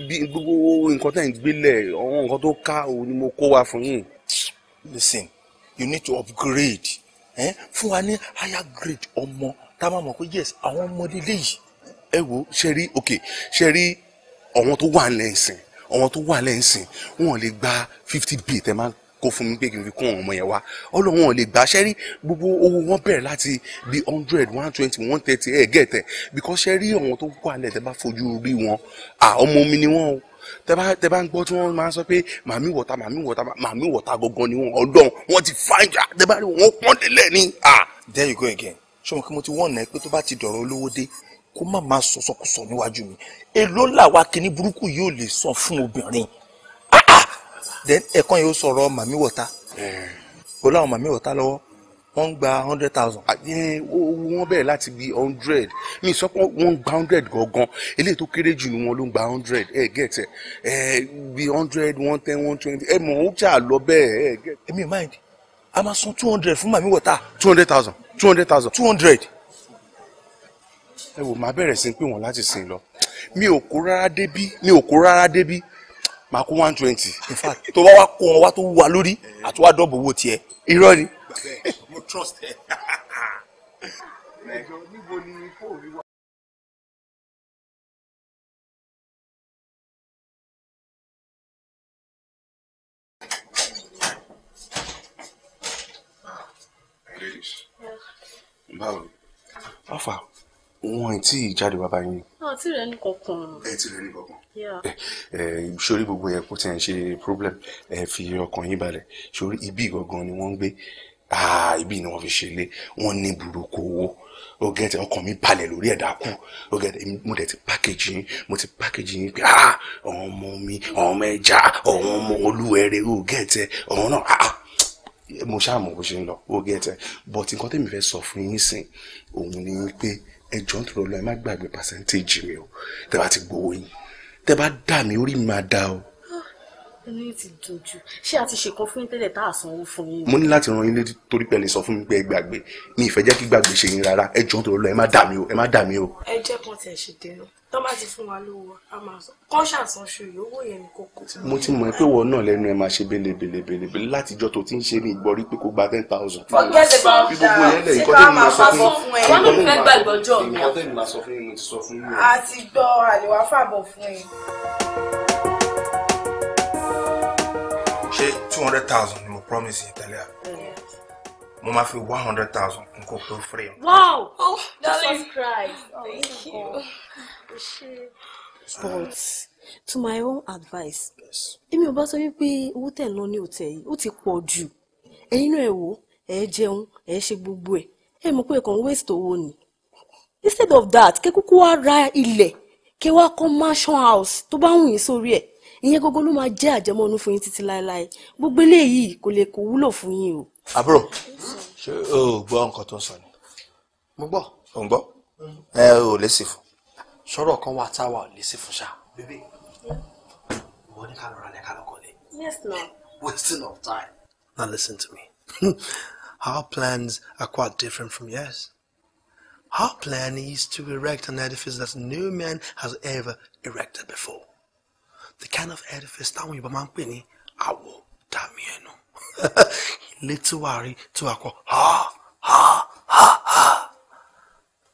bí gbogbo nǹkan tẹ̀ ń gbélẹ̀ àwọn nǹkan tó ká òun ni mo kó wa fún yín. listen you need to upgrade eh? fún wa ní higher grade ọmọ tá a máa mọ̀ pé yes àwọn ọmọdé léyìí. ẹ wo ṣe rí ok ṣe rí àwọn tó wà lẹ́sìn ọmọ tó wà lẹ́sìn wọn lè gba fifty b tẹ máa kó fún mi pé kí n fi kún àwọn ọmọ yẹn wá ọlọ́wọ́n lè gbà ṣẹ́rí gbogbo owó wọn bẹ̀rẹ̀ láti bí hundred one twenty one thirty ẹ̀ gẹ̀tẹ̀ because ṣẹ́rí àwọn tó wà lẹ̀ tẹ́ bá fojú rí wọn à ọmọ mi ni wọ́n o tẹ́ bá ń gbọ́ tí wọ́n máa ń sọ pé màmí wọ̀ta màmí wọ̀ta màmí wọ̀ta gangan ni wọ́n ọlọ́run wọ́n ti fájà tẹ́ bá rí wọn pọ́n délẹ̀ ni. there you go again ṣọmọ kí mo ti wọ́n náà pé tó bá ti dọ̀rọ̀ olówó dé kó má máa sọ sọkúsọ níwájú mi èló làwa kíní burúkú yìí lè sọ fún obìnrin ah, ah! then ẹ̀kan yìí ó sọ̀rọ̀ màmí wọ̀ta eh. ó láwọn màmí wọ̀ta lọ́wọ́ wọ́n ń gba hundred thousand. àyè ah, owó eh, wọn bẹ̀rẹ̀ láti bí hundred mi sọ pé wọ́n ń gba hundred gangan eléyìí tó kéré jù ní wọn ló ń gba hundred ẹ gẹ̀tẹ̀ ẹ bí hundred one ten one twenty ẹ mọ̀ ó jà lọ bẹ́ẹ̀ ẹ eh, gẹ̀tẹ̀. èmi mind a máa san two hundred fún màmí wọ̀ta. two hundred thousand two hundred thousand. two hundred ẹ wò máa bẹ̀rẹ̀ sí pé wọ́n láti sìn lọ mi ò kó rárá débí mi ò kó rárá débí máa kó one twenty in fact tó bá wá kó wọn wá tó wú lórí àti wá dọ̀bọ̀ owó tiẹ̀ irọ́ ni. trust ẹ. Ladies. Yes. How far? wọn ì ah, tí ì jáde wá báyìí. náà tí rẹ ní kankan. ẹ tí rẹ ní kankan. ẹ sórí gbogbo yẹn kó tiẹ̀ ń ṣe problem ẹ fi ọkàn yín balẹ̀ sórí ibi gangan ni wọ́n ń gbé ah, ibi ni wọ́n fi ṣe lé wọ́n ní burúkú owó o get ọkàn mi balẹ̀ lórí ẹ̀dá kù o get mo dẹ̀ ti package yín mo ti package yín pé ah ọ̀hún ọmọ mi ọ̀hún ọmọ ẹja ọ̀hún ọmọ olúwẹ̀rẹ̀ o get ọ̀hún náà ah, ah mo ṣáà mọ̀ bó ṣe ń lọ o get but nǹkan tẹ́mi fẹ́ sọ fún yín sìn òun ni pé ẹ jọ̀ọ́ nítorí Ọlọ́run ẹ má gbàgbé percentage mi o tẹ́ bá ti gbowó yín tẹ́ bá dà mí orí mi máa da o inú ti dojú ṣé a ti ṣèkan fún yín tẹ́lẹ̀ tá a sanwó fún yín. mo ní láti ran yín létí torí pé ẹ lè sọ fún mi pé ẹ gbàgbé mi ìfẹ́ jẹ́ kí gbàgbé ṣe yín rárá ẹ jọ̀ọ́ nítorí lọ ẹ má dà mí o ẹ má dà mí o. ẹ jẹ́ kan tiẹ̀ ṣe dènà tó bá ti fún wa lówó a máa sọ kán ṣàtúnṣe ìyówó yẹn ní kókó. mo ti mọ̀ ẹ́ pé wọ́n náà lẹ́nu ẹ máa ṣe belebelebele látijọ́ tó ti ń ṣe ní ìgbọ́rí pé kó gba ten thousand. gbogbo ẹ̀ ti gbogbo yẹn lẹ̀ ìkọ́ tẹ́mi máa sọ fún yín. wọ́n ní fẹ́ gbàgbọ́jọ́ mi. ìkọ́ a ti gbọ́ àlè fàbọ̀ fún yín. ṣé two hundred thousand ni mo promise you, tẹ́lẹ̀ àbí mm. mo máa fi one hundred thousand kún kó tó free. wow oh darling Jesus Christ oh, thank you. but to my own advice èmi ò bá sọ wípé owó tẹ̀ ń lọ ní òtẹ̀ yìí ó ti pọ̀ jù ẹ̀yin náà ẹ̀ wò ẹ̀ jẹun ẹ̀ ṣe gbogbo ẹ̀ ẹ̀ mọ̀ pé kàn waste owó ni instead of that kẹ́kúkú wá ra ilẹ̀ kẹ́ wá kọ́ mansion house tó bá wù yín sórí ẹ̀ ìyẹn gógó ló máa jẹ́ àjẹmọ́nú fún yín títí láéláé gbogbo eléyìí kò lè kó wúlò fún yín o. àbúrò ṣé o gbọ́ nǹkan tó ń sọ ni. mo gbọ́. ò ń gbọ́ ẹ ò lè fún. sọ̀rọ̀ kan wà táwa ò lè fún ṣá. bébè ìwọ ní ká lọ́ra lẹ́ ká lọ́kọ̀ lé. yes ma. wasting of time. now listen to me (laughs) our plans are quite different from yours. Our plan is to erect an edifice that no man has ever erected before the kind of edifice táwọn Yorùbá máa ń pè ní àwọ̀ dàmí ẹnu (laughs) ilé tí wàá rí tí wàá kọ ha ha ha ha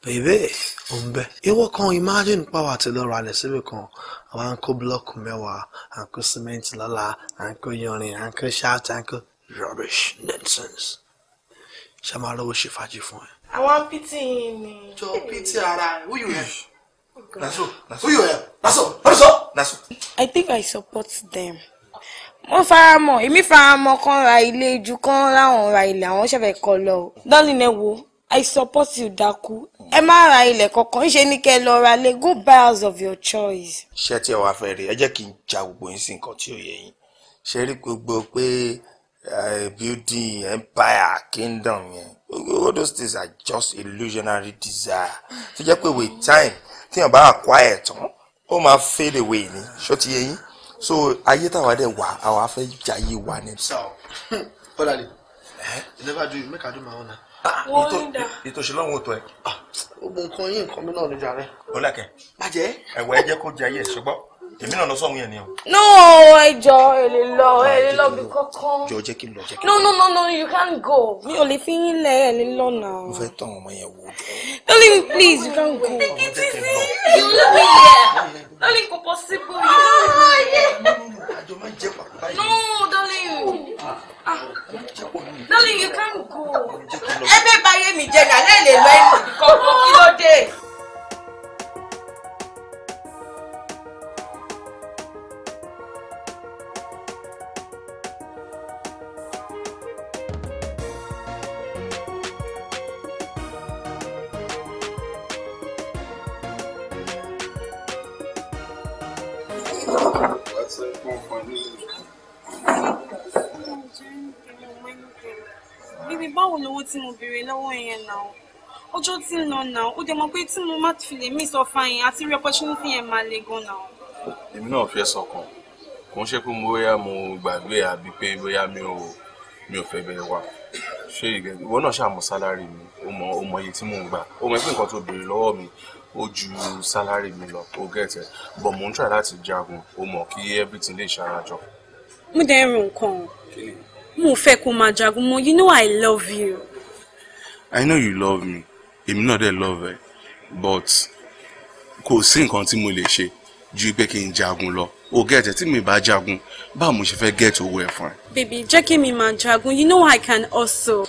bèbè ò ń bẹ. ìwọ kan imagine pàwọ́ àti lọ́rọ̀ alẹ̀ síbi kan àwọn à ń kó búlọ́ọ̀kù mẹ́wàá à ń kó sìmẹ́ǹtì lọ́la à ń kó yanrìn à ń kó ṣáàtì à ń kó rubbish nonsense ṣe máa lọ́wọ́ ṣe fàájì fún ẹ. àwọn pìtì ni. jọ pìtì ara ẹ wúyù ẹ. lásò lásò wúyù ẹ lásò lásò that's all. I think I support them. wọ́n faramọ́ èmi faramọ́ kan ra ilé ju kan láwọn ra ilẹ̀ àwọn ṣẹ̀fẹ̀ kọ lọ o. darling ẹ wo I support you Daku. ẹ má ra ilẹ̀ kankan ṣe ni kẹ́ lọ ra lé go buy house of your choice. ṣé tí ẹ wá fẹ́ rí ẹ jẹ́ kí n ja gbogbo yín sí nǹkan tí ò yẹ yín ṣe rí gbogbo pé eh, building empire kingdom yẹn all those things are just illusionary desire tó jẹ́ pé with time tíyàn bá acquire tán ó máa fade away ni ṣó ti yé yín so ayé táwa dẹ̀ wà àwa fẹ́ jayé wa ni. (laughs) bọ́dàlẹ̀ you never do make I do my own na. Ah, ètò ìṣúná wo tó ẹ. Ah, ogun kan yín nǹkan mi náà ló jà rẹ. ó lẹ̀kẹ̀. bàjẹ́. ẹ̀wọ̀ ẹ jẹ́ kó jayé ṣùgbọ́n èmi náà lọ sọ òun ni o. no I èlé lọ èlé lọ bí kankan. jọ jẹ́ kí n lọ jẹ́ kí no no no no you can't go mi ò lè fi yín lẹ èlé lọ náà. mo fẹ́ tọ́ àwọn ọmọ yẹn darling please you can't go. you leave me here darling kò possible ah, you leave no darling ah, darling you can't go. ẹ baye bá yé mi jẹ́ ní alẹ́ lè lọ ẹ̀ kọ̀ọ̀kan kí ló tí mo béèrè lọ́wọ́ yẹn náà ọjọ́ tí ń lọ náà ó dẹ̀ mọ̀ pé tí mo má fi lè mí ìsọfà yẹn àti rí opportunity yẹn máa le gan náà. èmi náà fẹ́ sọ̀kan kò ń ṣe pé mo bóyá mo gbàgbé àbí pé bóyá mi ò mi ò fẹ́ bẹ́ẹ̀ wà ṣé ìwọ náà ṣàmọ sálárì mi ó mọ ó mọ iye tí mò ń gbà ó mọ pé nǹkan tó béèrè lọ́wọ́ mi ó ju sálárì mi lọ ó gẹ̀tẹ̀ bọ̀ mò ń try láti jagun ó mọ̀ kí everything lè ṣarajọ. mo dẹ̀ nǹkan mo fẹ́ kó máa jagun mo you know I love you i know you love me èmi náà dẹ̀ love ẹ but kò sí nǹkan tí mo lè ṣe ju pé kí n jagun lọ o get ẹ tí mi bá jagun báwo mo ṣe fẹ́ get owó ẹ fún ẹ. baby jẹ́ kí mi máa jagun you know i can also.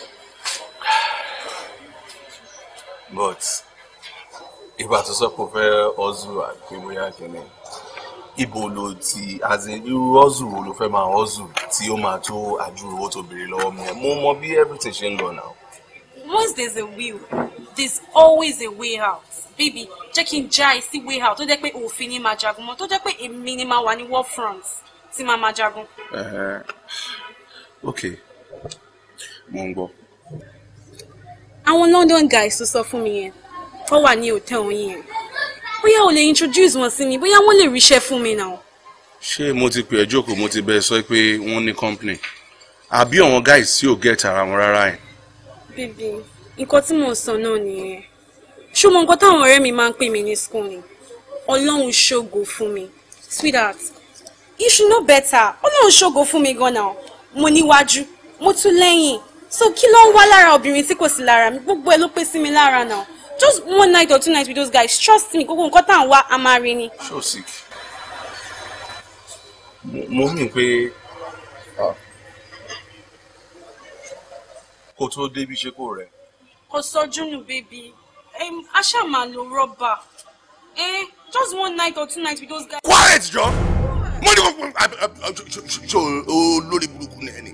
but ìgbà tó sọ pé o fẹ́ ọ̀zù àti bóyá kẹ́lẹ́ ibo lo ti àti irú ọ̀zù wo ló fẹ́ máa ọ̀zù tí ó máa tó àjù owó tó béèrè lọ́wọ́ mi ẹ̀ mo mọ bí everything ṣe ń lọ náà once there's a will there's always a way out baby jẹ́ kí n já way out tó jẹ́ pé òfin ni màá jagun mọ́ tó jẹ́ pé èmi ni màá wà ní war front tí màá máa jagun. ok mo ń gbọ́. àwọn London guys tó sọ fún mi yẹn wọ́n wà ní hòtẹ́ẹ̀lì òyìn yẹn bóyá o lè introduce wọn sí mi bóyá wọ́n lè ríṣẹ́ fún mi náà. ṣé mo ti pè ẹ́ jókòó mo ti bẹ̀ ẹ́ sọ pé wọ́n ní company àbí àwọn guys tí ò get ara wọn rárá yẹn bíbí nǹkan tí mò ń sọ náà nìyẹn ṣó mọ nǹkan táwọn ọ̀rẹ́ mi máa ń pè mí ní school ni ọlọ́run ṣògo fún mi sweetheart you should know better ọlọ́run ṣògo fún mi gan-an mo níwájú mo tún lẹ́yìn so kí ló ń wá lára obìnrin tí kò sí lára mi gbogbo ẹ ló pé sí mi lára náà just one night or two nights with those guys trust me gbogbo nǹkan tá wá a máa rí ni. sick mo mì pé ah, kó tó débi ṣe kó rẹ̀. kò sọjú nù bèbí a ṣáà máa lo rọ́bà just one night or two nights with those guys. quiet jọ mo ní kókó ṣo olórí burúkú ni ẹni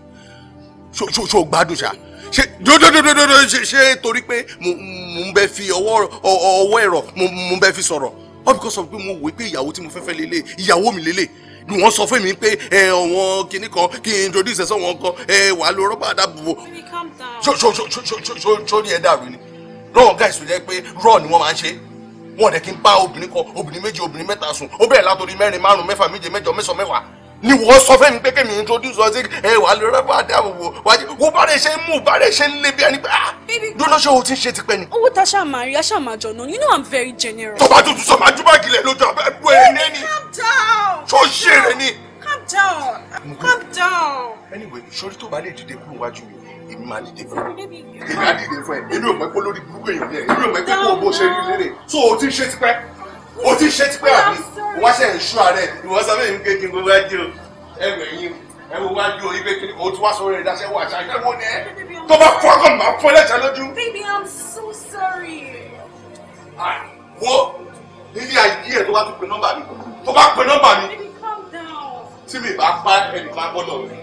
ṣo gbádùn ṣá ṣe dododododo ṣe torí pé mo ń bẹ fi ọwọ́ ọwọ́ ẹ̀rọ mo ń bẹ fi sọ̀rọ̀ all because of pé mo wò pé ìyàwó tí mo fẹ́ fẹ́ lélẹ̀ ìyàwó mi lélẹ̀ ni wọ́n sọ fún mi pé ẹ ọ̀wọ́n kinní kan kí n introduce ẹ sọ́wọ́n kan ẹ wà á lo rọ́bà àdàbòbò sórí ẹ dàrú ni lọ́wọ́ guys tó jẹ́ pé rọ́ ni wọ́n máa ń ṣe wọ́n dẹ̀ kí n bá obìnrin kan obìnrin méjì obìnrin mẹ́ta sùn ó bẹ̀rẹ̀ látòrí mẹ́rin márùn-ún mẹ́fà méje mẹ́jọ mẹ́sàn-án mẹ́wàá ni wọ́n sọ fẹ́mi pé kẹ́mi introduce ọ sí ẹ wà lórí ọ̀pá àdáàbò wò wájú wo bá rẹ̀ mú bá rẹ̀ lé bí ẹni pé ah dúró o ti ṣe tipẹ́ ni. owó tá ṣáà máa rí a máa jọ náà you know i'm very generous. tọ́ba tuntun sọ máa júbà gilẹ̀ lójú abẹ́ ẹ̀bú ẹ̀ ní ẹni tó ṣe rẹ̀ ni. calm down calm down. anyway sori tó bá lè dìde kúrò wájú mi èmi máa dìde fún ẹ èmi máa dìde fún ẹ èmi ò mọ̀ pé lórí burúkú èèyàn o ti ṣe tipẹ́ àbí wá ṣe ìṣú ààrẹ ìwọ sọ fún mi pé kí n gbogbo wájú ẹgbẹ́ yín ẹwọ wájú orí pé kí o ti wá sọ rẹ̀ wà ṣáà ìdáwọ́ ni ẹ tó bá fọ́ ọkàn máa fọ́ ẹlẹ́ṣẹ̀ lójú. Baby, I'm so sorry. Ah, wo nílé ayé ẹ tó bá tún pe nọ́mbà mi tó bá pe nọ́mbà mi tí mi bá pa ẹnìkan bọ́lọ̀ mi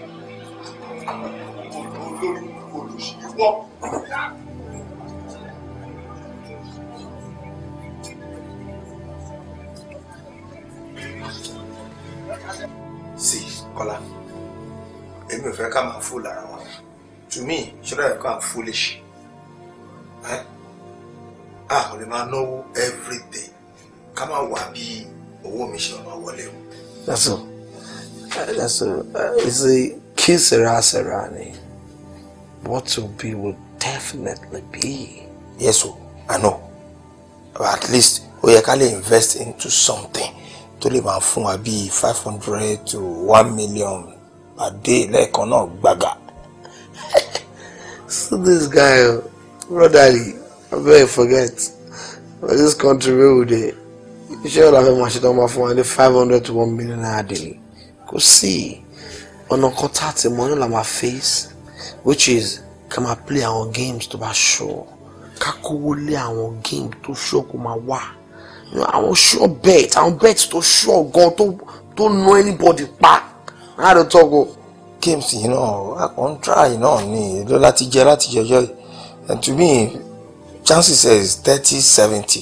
olórí olùṣèwọ́. sí Kọ́lá èmi ò fẹ́ ká máa fool, lára wọn to me ṣọlá yẹ ká foolish a ò lè máa náwó everyday ká máa wà bí owó mi ṣe máa wọlé o. that's all uh, that's all it's a kí sera sera ni what will be will definitely be. yes o i know but at least ó yẹ ká lè invest into something tó lè máa fún wa bíi five hundred to one million a day lẹ́ẹ̀kan náà gbàgà. so this guy oh, brotherly abeg forget for this country wey we dey iṣẹ́ ọ̀làfẹ́ máa ṣe tán máa fún wa ní five hundred to one million naira daily kò sí ọ̀nà kan tá a ti mọ náà la face which is ká máa play àwọn games tó bá ṣọ ká kówó lé àwọn games tó ṣọ kó máa wà àwọn sure bet àwọn bet tó sure gan tó tó no anybody pa á lọ tọgọ. games yìí náà àkàn try náà ni èlò láti jẹ láti jọjọ and to me chances is thirty seventy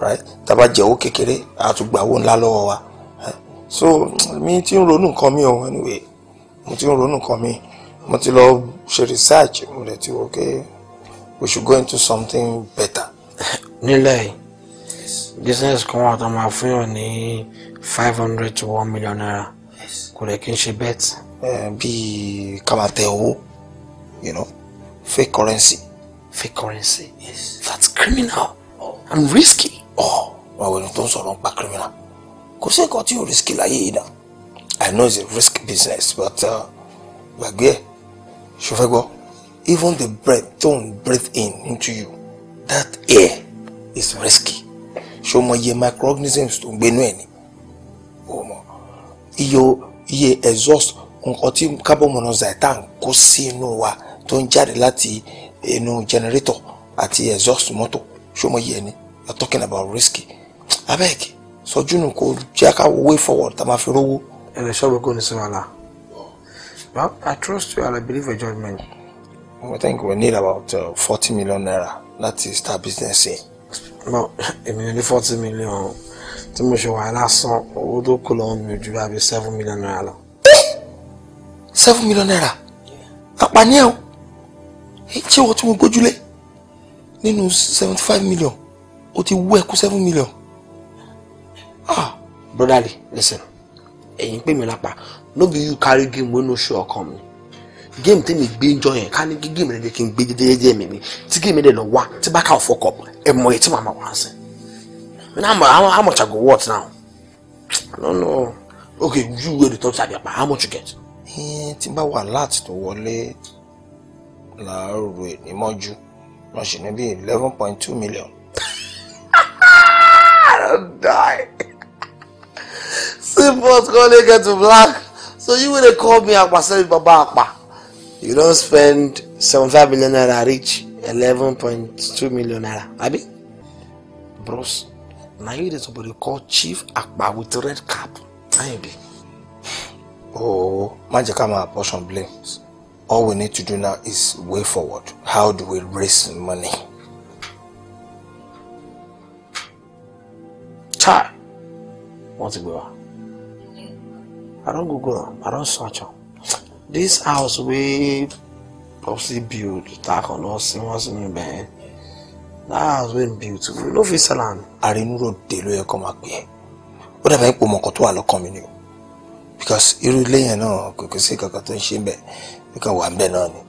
right tàbá jẹ̀wó kékeré àtúgbàwó ńlá lọ́wọ́ wa so mi ti ń ronú nǹkan mi o anyway mo ti ń ronú nǹkan mi mo ti lọ ṣe research mo dẹ̀ ti wò ó we should go into something better. nílẹ̀ yìí yes. business kan wà tó máa fún yàn ní five hundred to one million naira kò lè kí n ṣe bet. Eh, be ká you know fake currency. fake currency yes. that's criminal oh. and risky. Oh, àwọn ènìyàn tó ń sọ̀rọ̀ criminal Could say nǹkan tí risky like yìí náà I know it's a risk business but uh, gbàgbé ẹ̀ ṣo fẹ́ gbọ́ even the breath don't breathe in into you that air is risky ṣó mọ iye microorganisms tó ń gbénú ẹ̀ ni ó mọ iye iye exhaust nǹkan tí carbon monoxide tá à ń kó sí inú wa tó ń jáde láti inú generator àti exhaust mọ́tò ṣó mọ iye ẹni you are talking about risky abeg sọjú nù kó jẹ́ ká way forward tá a máa fi rówó. ẹnlẹ ṣọ́ọ̀bù kò ní sí wàhálà well i trust you and i believe your judgement. i think we need about uh, forty million naira láti start business yìí bọ èmi ò forty million o tí mo ṣe wàhálà san owó tó kù lọ́wọ́ mi seven million naira lọ. seven million naira àpànìyàn ṣé wọ́n tún mo gbójúlé nínú seventy five million o ti seven million. ah brotherly listen ẹ̀yin pè mí lápá no be you carry game when no show ọkàn Game tí mi gbé jọ yẹn ká ní kí géèmù rẹ jẹ́ kí n gbé jẹ́jẹ́jẹ́ mi mi tí géèmù rẹ lọ wá tí bá káwọ́ fọkọ̀ ẹ̀ mọ̀ ẹ̀ tí màmá wá sí i now how, how much I go worth now I don't know okay you wey dey talk to Abíapá how much you get. Eh, tí bá wà láti tó wọlé láàárọ̀ ìmọ̀jú wọ́n ṣì ní bíi eleven point two million. (laughs) I don't die. Simple first, go get to black. So you will call me Apa, say Baba Apa you don spend seventy five million naira reach eleven point two million naira abi bros na you dey suppose dey call chief akpa with red cap na him be. oh má jẹ́ ká portion blame all we need to do now is way forward how do we raise money. chai wọ́n ti gbé wa i don google am i don search am this house wey popsi build takọ̀nà sí wọ́n sínú ibẹ̀ that house wey beautiful no fit sell am. àrínúrò dé ló yẹ kó máa pè é ó dàbí ipò mọ̀kàn tó wà lọ́kàn mi ni o because irú ilé yẹn náà kò kò sí kankan tó ń ṣe bẹ́ẹ̀ bí kan wà ń bẹ́ẹ̀ náà ni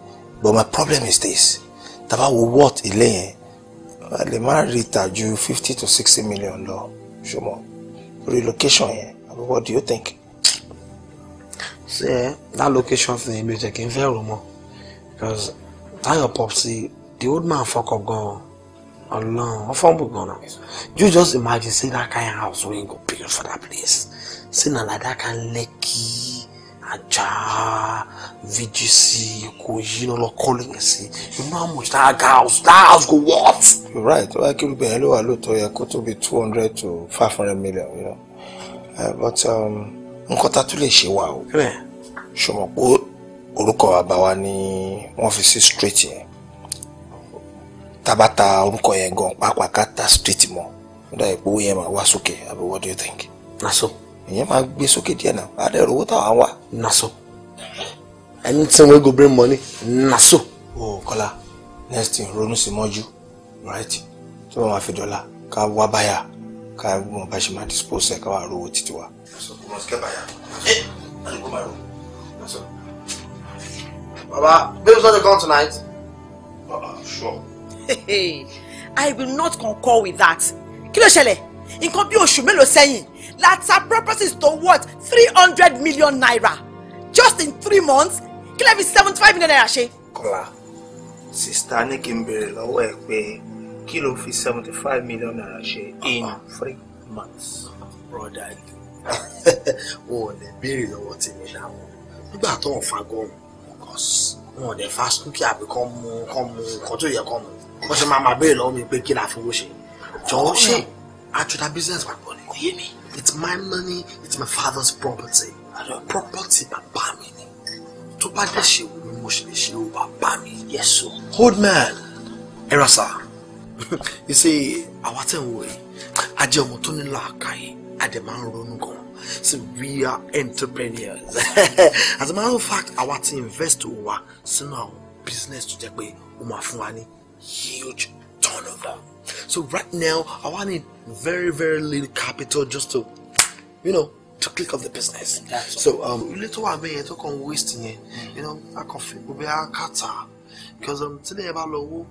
but my problem is this tàbá wo worth ilé yẹn a lè má rí ta ju fifty to sixty million lọ ṣùgbọ́n relocation yẹn what do you think yeah, that location thing be taking very kí because that your popsi the old man fuck up gan ọlọ́run ọfọ́nbù gan gone? you just imagine say that kind of house wey go build for that place say na like that kind Lekki Ajah VGC Ikoyi lọ́lọ́ calling ẹ̀ sí you know how much that house that house go worth. you right ọba kírúbẹ yẹn ló hello lóòótọ́ yẹ kó tó bí two hundred to five hundred million you know? uh, but nǹkan tá a tún lè ṣe wà o. Yeah ṣùgbọ́n pé orúkọ bàbá wa ni wọ́n fi sí street yẹn tabata orúkọ yẹn gan pàápàá ká ta street mọ́ nígbà ìpò yẹn máa wá sókè àbí what do you think. naso. ìyẹn máa gbé sókè díẹ̀ náà adé rówó táwa wà. naso anything wey go bring money naso. o Kọ́lá next thing ronú sí mọ́jú right tó bá máa fi dọ́là ká wá báyà ká mọ̀ bá ṣe máa dispose ẹ̀ ká wà rówó títí wa. naso kò mọ̀ sí kẹ́ báyà naso eh, àdúgbò máa rówó sir. Baba, babes not to come tonight. Baba, sure. Hey, I will not concur with that. Kí ló ṣẹlẹ̀, nǹkan bí oṣù mélòó sẹ́yìn, Lata to what three hundred million naira just in three months. Kí ló fi seventy five million naira she. Kola, sister, ní kí n béèrè lọ́wọ́ ẹ seventy five million naira she in uh-huh. three months. Brother, o (laughs) ò lè béèrè lọ́wọ́ tèmi náà nígbà tó ń fa gan wọn ò dẹ̀ fa sókè àbí kọ́ mu kọ́ mu nǹkan tó yẹ kọ́ mu wọ́n ṣe máa máa béèrè lọ́wọ́ mi pé kí la fi owó ṣe jọ̀wọ́ oh, ṣe àjọdá business papọ̀ ni kò yé mi it's my money it's my father's property property bàbá mi ni tó bá dẹ̀ ṣe wù mí mo ṣe lè ṣe ó bàbá mi yes o. old man Erasa. (laughs) you see àwa tẹ̀ ń wò yìí a jẹ́ ọmọ tó ní làákàyè a dẹ̀ ń ronú gan So we are entrepreneurs. (laughs) As a matter of fact, àwa to invest wa So now, business to jẹ́ pé ó máa fún huge turnover. So right now, I want need very very little capital just to, you know, to click off the business. So um, little wà bẹ́ẹ̀ yẹn tó kàn waste you know, a kàn fi gbogbo àkàtà because um, tí lẹ́yìn bá lọ owó (laughs)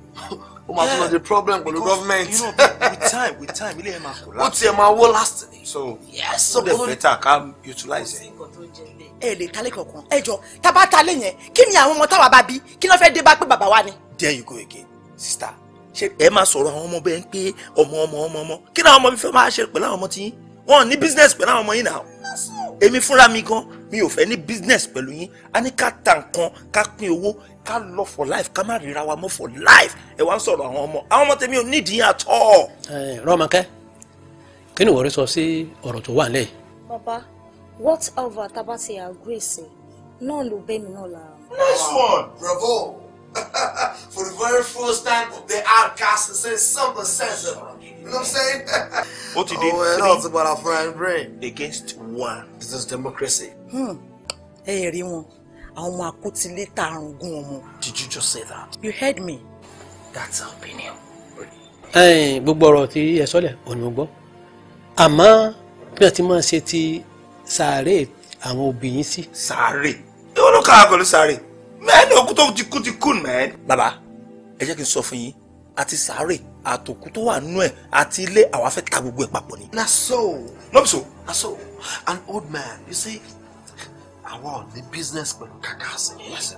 ó máa tún lọ di problem pẹ̀lú government. you know with time with time ilé yẹn máa kò láti. ó tiẹ̀ máa wó last ni. so yes ó dẹ̀ better ká utilize ẹ̀. ẹ lè talé kankan ẹ jọ tábà talé yẹn kí ni àwọn ọmọ táwa bá bí kí ló fẹ́ dé bá pé bàbá wa ni. there you go again sister ṣé ẹ máa sọ̀rọ̀ àwọn ọmọ bẹ́ẹ̀ ń pé ọmọ ọmọ ọmọ ọmọ kí ni àwọn ọmọ mi fẹ́ máa ṣe pẹ̀lú àwọn ọmọ tí wọ́n ní business pẹ̀lú àwọn ọmọ yìí náà èmi fúnra mi gan mi ò fẹ́ ní business pẹ̀lú yín a ní ká ta nǹkan ká pín owó ká lọ for life ká má ríra wa mọ́ for life ẹ wá ń sọ̀rọ̀ àwọn ọmọ àwọn ọmọ tèmi ò nídìí yín àtọ́. rọmọkẹ kí ni wọ́n sọ sí ọ̀rọ̀ tó wà nílẹ̀. bàbá whatever tabati agree sí náà ló bẹ́ mi náà lára. nice one bravo (laughs) for the very first time they are casting say something sensible. You know what I'm saying? Ó ti dé three. Ọ̀rọ̀ ti padà fún brain. Against one. This is democracy. Hmm. Ẹ rí wọn, àwọn ọmọ àkótílé tààrùn gún ọmọ. Did you just say that? You heard me. That's our opinion. Gbogbo ọ̀rọ̀ tí ẹ sọ́lẹ̀ òní mo gbọ́. Àmọ́ bí wọ́n ti máa ṣe ti sàárè àwọn òbí yín sí. Sàárè? Ìwọ ló kàwé pẹ̀lú sàárè. Mẹ́ẹ̀ni òkú tó ti kú ti kú mẹ́ẹ̀ni. Bàbá, ẹ jẹ́ kí n sọ fún yín, àti sàárè àtòkù tó wà nú ẹ̀ àti ilé àwa fẹ́ ta gbogbo ẹ̀ papọ̀ ni. na so no be so na so an old man you see àwa ò the business pẹ̀lú kàkà sí i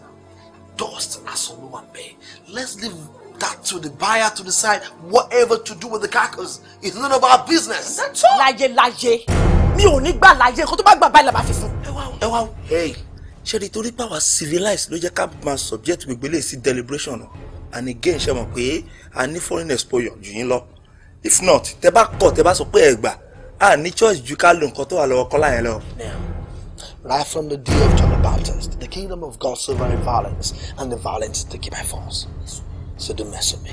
dust lásán ló wà bẹ́ẹ̀ let's leave that to the buyer to decide whatever to do with the carcass it's none of our business. that's all. láyé láyé mi ò ní gbà láyé kó tó bá gbà báyìí la bá fi fún. ẹ wá ẹ wá ṣe ni torí pàwọn civilized ló jẹ́ ká máa subject gbogbo eléyìí sí deliberation náà and again ṣe mọ̀ pé a ní foreign exposure jù yín lọ if not tẹ bá kọ̀ tẹ bá sọ pé ẹ a ní church ju ká lo nǹkan tó wà lọ́wọ́ kọ́lá yẹn lọ. Right from the day of John the Baptist, the kingdom of God suffered violence, and the violence taken by force. So don't mess with me.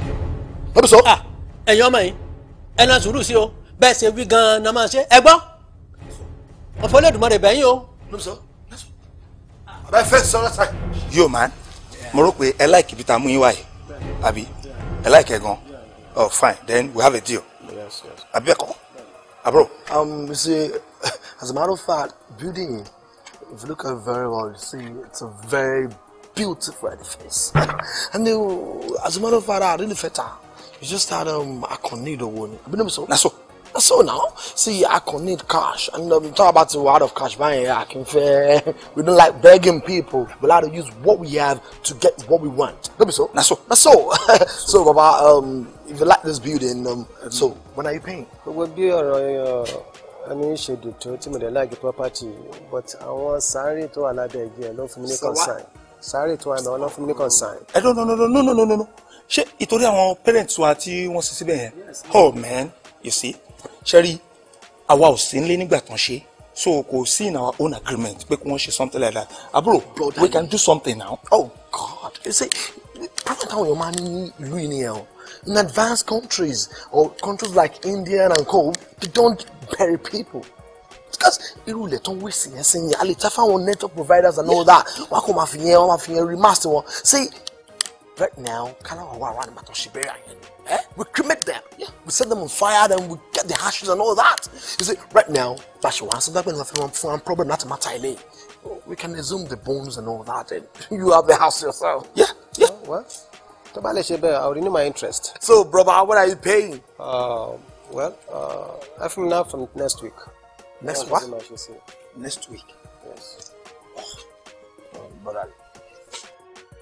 Lọ́bí sọ. Ah, ẹ̀yin ọmọ yìí, ẹ na sùúrù sí o, bẹ́ẹ̀ ṣe wí gan-an náà máa ṣe. Ẹ gbọ́, ọ̀fọ̀ Olódùmarè bẹ̀yìn o. Lọ́bí sọ. Bàbá fẹ́ sọ lọ́sàn. Yo man, mo rò pé ẹ láìkì bí ta mú yín wáyé. Abi, àbí ẹ láìkẹ gan oh fine then we have a deal Yes, yes. àbí ẹ̀kọ́ Abro. um you see (laughs) as a matter of fact building if you look at it very well you see it's a very beautiful edifice (laughs) and then as a matter of fact i really feta you just had um, a Idowu ni abi no so. na so so now see i can need cash and uh, we talk about the word of cash buying i can fair (laughs) we don't like begging people we like to use what we have to get what we want maybe so that's so that's so (laughs) so baba um if you like this building um so when are you paying it will be around uh, ẹni do tó tí mo like láàgì property but I want tó to another ẹgbẹ́ No, for me mi ní consign sáré tó wà náà ló fún mi ní consign. ẹ eh, no no no no no no She ṣé ìtorí àwọn parents wa tí wọ́n to see yẹn oh man you see ṣẹ́rí àwa ò sí nílé nígbà tán ṣe so kò sí in our own agreement pé kí wọ́n ṣe something like that àbúrò we can do something now. oh god ṣe problem táwọn èèyàn máa ń ní ìlú yìí nìyẹn o in advanced countries or countries like India and co they don't bury people because irú ilẹ̀ tó ń wéṣì yẹn sí yẹn a lè ta fáwọn network providers and all that wọn kò máa fi yẹn wọn máa fi yẹn remaster wọn see right now, kind of our around about Shiberia. Eh? We cremate them. Yeah. We set them on fire, then we get the ashes and all that. You see, right now, that's your answer. That's one problem, not a matter We can exhume the bones and all that, and (laughs) you have the house yourself. Yeah, yeah. Oh, well, to buy Shiberia, I renew my interest. So, brother, what are you paying? Uh, well, uh, I think now from next week. Next what? Next week. Yes. Oh, brother.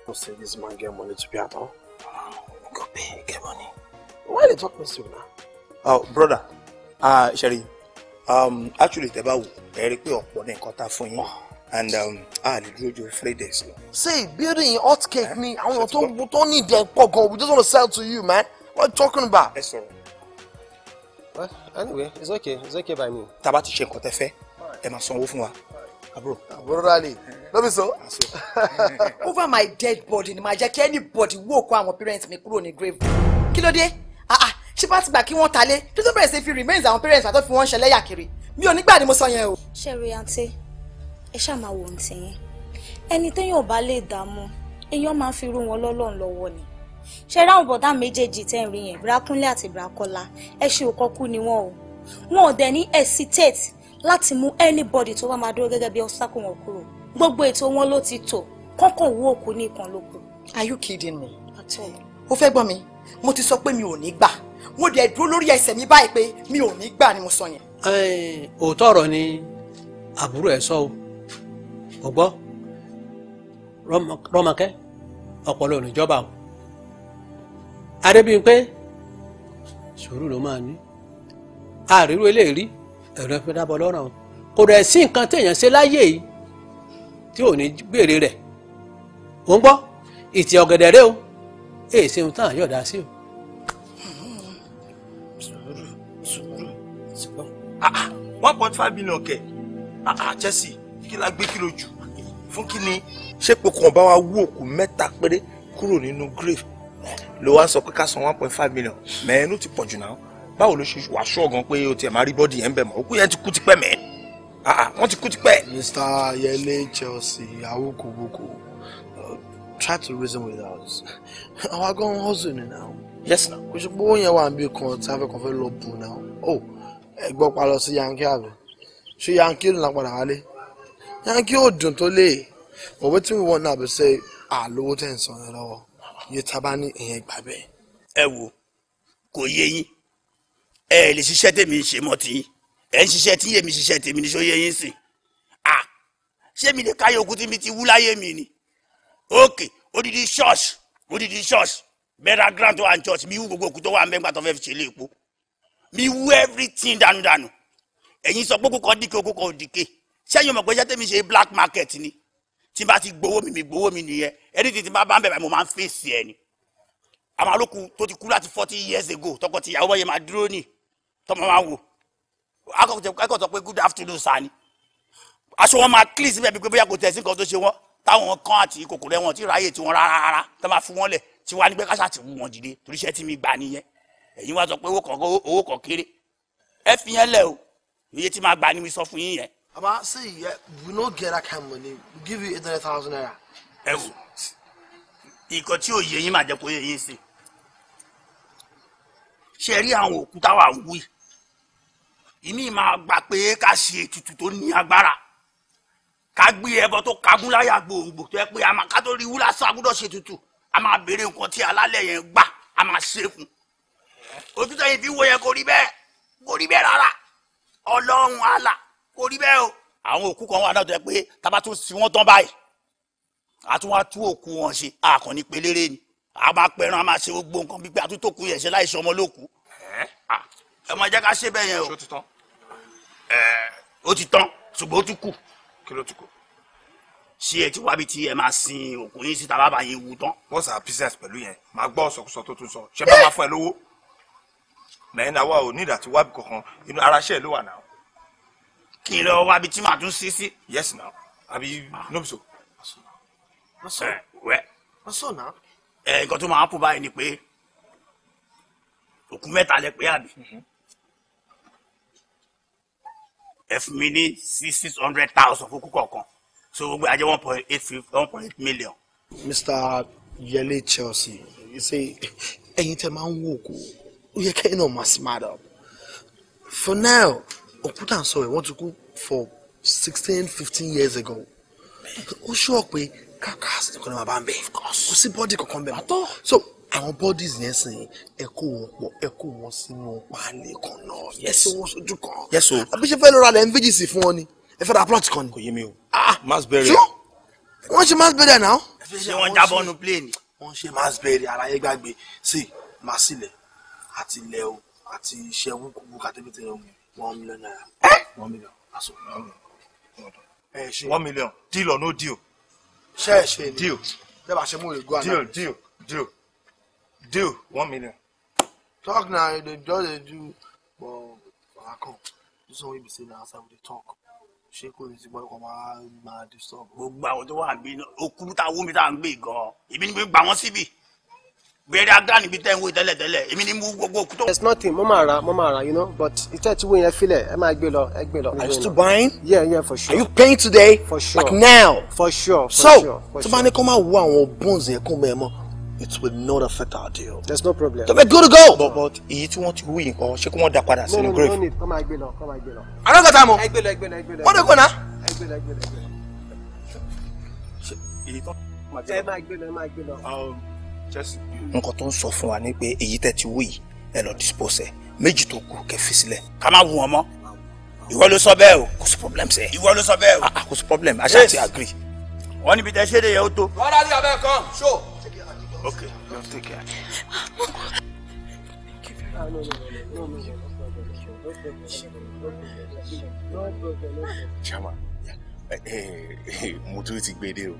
Don't say this man get money to be at all. Go pay, get money. Why are they talk me so now? Oh, brother. Ah, uh, Sherry. Um, actually, tẹ́ bá wò, ẹ rí pé ọ̀pọ̀ ní nǹkan And um, ah, the dúró ju three Say, building hot cake eh? ni àwọn èèyàn tó tó need their pọ̀ We just want to sell to you, man. What are you talking about? Ẹ sọ̀rọ̀. Well, anyway, it's okay. It's okay by me. Tabati a bá ti ṣe àbúrò. àbúrò rally ló bí so. (laughs) over my dead body ni màá jẹ́ kí anybody wó òkú àwọn parents mi kúrò ní grave kí ló dé ah, ah, ṣé bá ti gbà kí wọ́n ta lé tó tó bẹ̀rẹ̀ sí fi remains àwọn parents àtọ́ fi wọ́n ṣẹlẹ́yà kiri mi ò nígbà ni mo sọ yẹn o. ṣẹ́rí àǹtí ẹ ṣáà máa wò ní tiyín ẹni téèyàn ò bá lè dààmú èèyàn máa ń fi rú wọn lọ́lọ́run lọ́wọ́ ni ṣe ráwọn bọ̀dá méjèèjì tẹ́ ń rí yẹn Bírákúnlé àti Bírákọ́lá ẹ ṣe òkọ́kú ni wọ́n o wọn ò dẹ̀ ní hesitate láti mú anybody tó bá máa dúró gẹ́gẹ́ bí ọ́sákò wọn kúrò gbogbo ètò wọn ló ti tò kọ́kàn wú òkú ní ìkan lóko. are you kidding me. o fẹ́ gbọ́ mi mo ti sọ pé mi ò ní gbà mo dẹ̀ dúró lórí ẹsẹ̀ mi báyìí pé mi ò ní gbà ni mo sọ yẹn. òótọ́ ọ̀rọ̀ ni àbúrò ẹ̀ sọ o ò gbọ́ rọ́mọkẹ́ ọ̀pọ̀lọ́ oníjọba o adébíyí pé sùúrù ló máa ní àríró eléyìí rí ẹ̀rọ ẹ̀fẹ́ dábọ̀ lọ́rùn kò rẹ̀ sí nǹkan téèyàn ṣe láyé yìí tí ò ní gbèrè rẹ̀ ò ń gbọ́ ìtì ọ̀gẹ̀dẹ̀ rẹ o èyí ṣe ohun táwọn yọ̀dá sí o. sùúrù sùúrù ṣùgbọ́n ah, ah, one point five million kẹ̀ ah, Chelsea kí la gbé kìlọ̀ jù fún kí ni ṣé pokùn ọba wa wú òkú mẹ́ta péré kúrò nínú grave ló wá sọ pé ká san one point five million mẹ́ẹ̀ẹ́nù ti pọ̀ jù náà báwo ló ṣe wà ṣọ́ọ̀gàn pé o tiẹ̀ máa rí bọ́dì yẹn ń bẹ̀ mọ́ òkú yẹn ti kú tipẹ́ mẹ́ ah, ah, wọ́n ti kú tipẹ́. Mr. Yẹlé Chelsea awokowoko uh, try to reason with us (laughs) àwa gan hustle ni now. yes na. kò ṣe pé owó yẹn wà níbi kan tí a fẹ́ kàn fẹ́ lọ bù náà o oh, ẹgbọ́n pa lọ sí yankee àbẹ̀ ṣé yankee ló ń padà wálé yankee ò dùn tó lè òwe tí wọ́n náà bẹ̀ ṣe àlówó tẹ̀ ń sọ yẹn lọ́wọ́ yìí tá ní ìyẹn gbà bẹ́ẹ̀. ẹ wo kò yé yín ẹ lè ṣiṣẹ́ tèmi ṣe mọ́ tí ẹ ń ṣiṣẹ́ tí èmi ṣiṣẹ́ tèmi ní sóyè yín sìn à ṣé mi lè káyọ̀ okùn tí mi ti wú láyé mi ni òkè odidi church odidi church bẹ́ẹ̀rẹ̀ grand one church mi wú gbogbo okùn tó wà mẹ́gbà tó fẹ́ fi ṣe lé epo mi wú everything dànùdànù ẹ̀yin sọ pé okùn kan dìke okùn kan ò dìke sẹ́yìn mọ̀ pé ṣé tèmi ṣe black market ni tí n bá ti gbowó mi mi gbowó mi nìyẹn ẹni tí tí n bá bá ń bẹ̀rẹ̀ mo máa ń fèsì ẹ̀ ni àwọn alókun tó ti kú láti forty years ago tọkọ tìyàwó bá yẹ máa dúró nìyí tọmọ máa wò akọ̀tọ̀ sọ pé good afternoon sir ni aṣọ wọn máa clean síbẹ̀ bí pé bóyá kò tẹ̀sí nǹkan tó ṣe wọ́n táwọn kan àti kòkòrò ẹ̀wọ̀n tí ráyè tiwọn rárá rárá tó máa fi wọ́n lẹ̀ tí wàá ní pé káṣá ti wù wọ́n jìde torí iṣẹ́ tí mi gbà nìyẹn ẹ̀yin wá sọ pé owó kan kéré ẹ fi yẹn lẹ̀ o iye tí máa gbà ni mi sọ fún yín yẹn. baba say yeah, we no get that kind of money we give you eight hundred thousand naira. ẹ wò nǹkan tí òye yín máa jẹ kó yẹ yín sí ṣe rí àwọn òkúta wà ń wí ìmí máa gbà pé ká ṣe ètùtù tó ní agbára ká gbé ẹbọ tó kagún láyà gbòǹgbò tó yẹ pé àmà ká tó rí wúlá sá gbúdọ̀ ṣe ètùtù a máa béèrè nǹkan tí alálẹ̀ yẹn gbà a máa ṣe fún òtútù yìí fi wo yẹn kò rí bẹ́ẹ̀ kò rí bẹ́ẹ̀ rárá ọlọ́run àlà kò rí bẹ́ẹ̀ o. àwọn òkú kan wà náà tó yẹ pé tábà tún sí wọn tán báyìí a tún wá tú òkú wọn ṣe àkànní pelére ni a máa pẹran a máa ṣe gbogbo nǹkan gbígbé àtúntò kú yẹn ṣe láìsọmọlókù ah, ẹ má jẹ́ ká ṣe bẹ́ẹ̀ yẹn o o ti tán ṣùgbọ́n ó ti kù. kí ló ti kù. ṣé ẹ ti wá bí tí ẹ máa sin òkú yín síta bàbá yín wù tán. what's our business pẹ̀lú yẹn máa gbọ́ ọ̀sọ̀kùsọ tó tún sọ ṣé bá máa fún ẹ lówó. mẹ́rin náà wà ò ní ìdàtí wábi kankan inú ara ṣẹ́ ló wà náà. kí n lọ wá bí tí màá tún sí sí. yes now àbí nóbìsọ. wọ́n sọ náà. ẹ̀ nǹkan tó máa kú báyìí ni pé òkú mẹ́ta lẹ pé àbí. Mm-hmm ẹ fún ní six six hundred thousand fún kúkọ̀ kan so gbogbo ajẹ́ one point eight five, one point eight million. Mr. Yele Chelsea you say ẹ̀yin tẹ́ máa ń wo òkú ó yẹ kẹ́yìn náà máa smart up for now òkúta ń sọ ẹ̀ wọ́n ti kú for sixteen fifteen years ago ó ṣọ́ pé káàkiri àti ìkọ́ni bàbá ń bẹ̀ kò sí bọ́dì kankan bẹ̀ mọ́ so àwọn bodies yẹn sìn ẹ kó wọn pọ̀ ẹ kó wọn sínú páálí kan náà ẹ sọ wọn sójú kan àbíṣe fẹ́ lọ ra lẹ́yìn fún ọ ni ẹ fẹ́ ra plot kan ni. kò yé mi o ah! mass burial. wọ́n ṣe mass burial náà. ṣé wọ́n jábọ́ nu plane. wọ́n ṣe mass burial aráyé gbàgbé sí màsílẹ̀ àti ilẹ̀ o àti iṣẹ́ wúkúwú kàtẹ́kẹ́tẹ́ o one million naira. one million aṣọ ẹ ṣe. one million deal or no deal. ṣe é ṣe ni deal deal deal. Do one million. Talk now, they just they do, but I come. This one we be saying outside with the talk. Ṣé kò ní sí pé kò máa máa disturb? Gbogbo àwọn tó wà gbé okuru tá a wó mi tá a ń gbé gan-an. Èmi ni mo gbà wọ́n síbì. Bẹ̀rẹ̀ agbára níbi tẹ́ ń wo tẹ́lẹ̀tẹ́lẹ̀. Èmi ni mo gbogbo òkú tó. There's nothing, mo máa ra, mo máa ra, you know, but ìtẹ́ tí wo yẹn filẹ̀, ẹ máa gbé lọ, ẹ gbé lọ. Are you still buying? Yeah, yeah, for sure. Are you paying today? For sure. Like now? For sure, for so, sure. So, tó bá ní kó máa wo àwọn bones yẹn kó mẹ́ ẹ mọ́ it will not affect our deal. there's no problem. to be good to go. but but èyí want to win. hu she come ṣé kí wọ́n da padà sínú grave. no no no kọ́ máa gbé lọ kọ́ máa gbé lọ. àná kọ́ta mọ̀. ẹgbẹ́ lọ ẹgbẹ́ lọ ẹgbẹ́ lọ. wọ́n dẹ̀ kọ́ na. ẹgbẹ́ lọ ẹgbẹ́ lọ ẹgbẹ́ lọ. ṣe èyí tán. ẹ máa gbé lọ ẹ máa gbé lọ. Um, nǹkan tó ń sọ fún wa ni pé èyí tẹ̀ ti hu yìí ẹ lọ dispose ẹ méjì tó kù kẹ́ fi sílẹ̀ ká má wù wọn mọ́ ìwọ ló sọ bẹ́ẹ̀ o kò sí problem I ìwọ ló ah, ah, agree. wọ́n níbi tẹ́ ṣe é de yẹ o tó. wọ́n rà ní abẹ́ kan ṣó. Okay, you take care. Thank you very much. No, no, no, no, no, no, no. Chama, mo tún ti gbé dé o.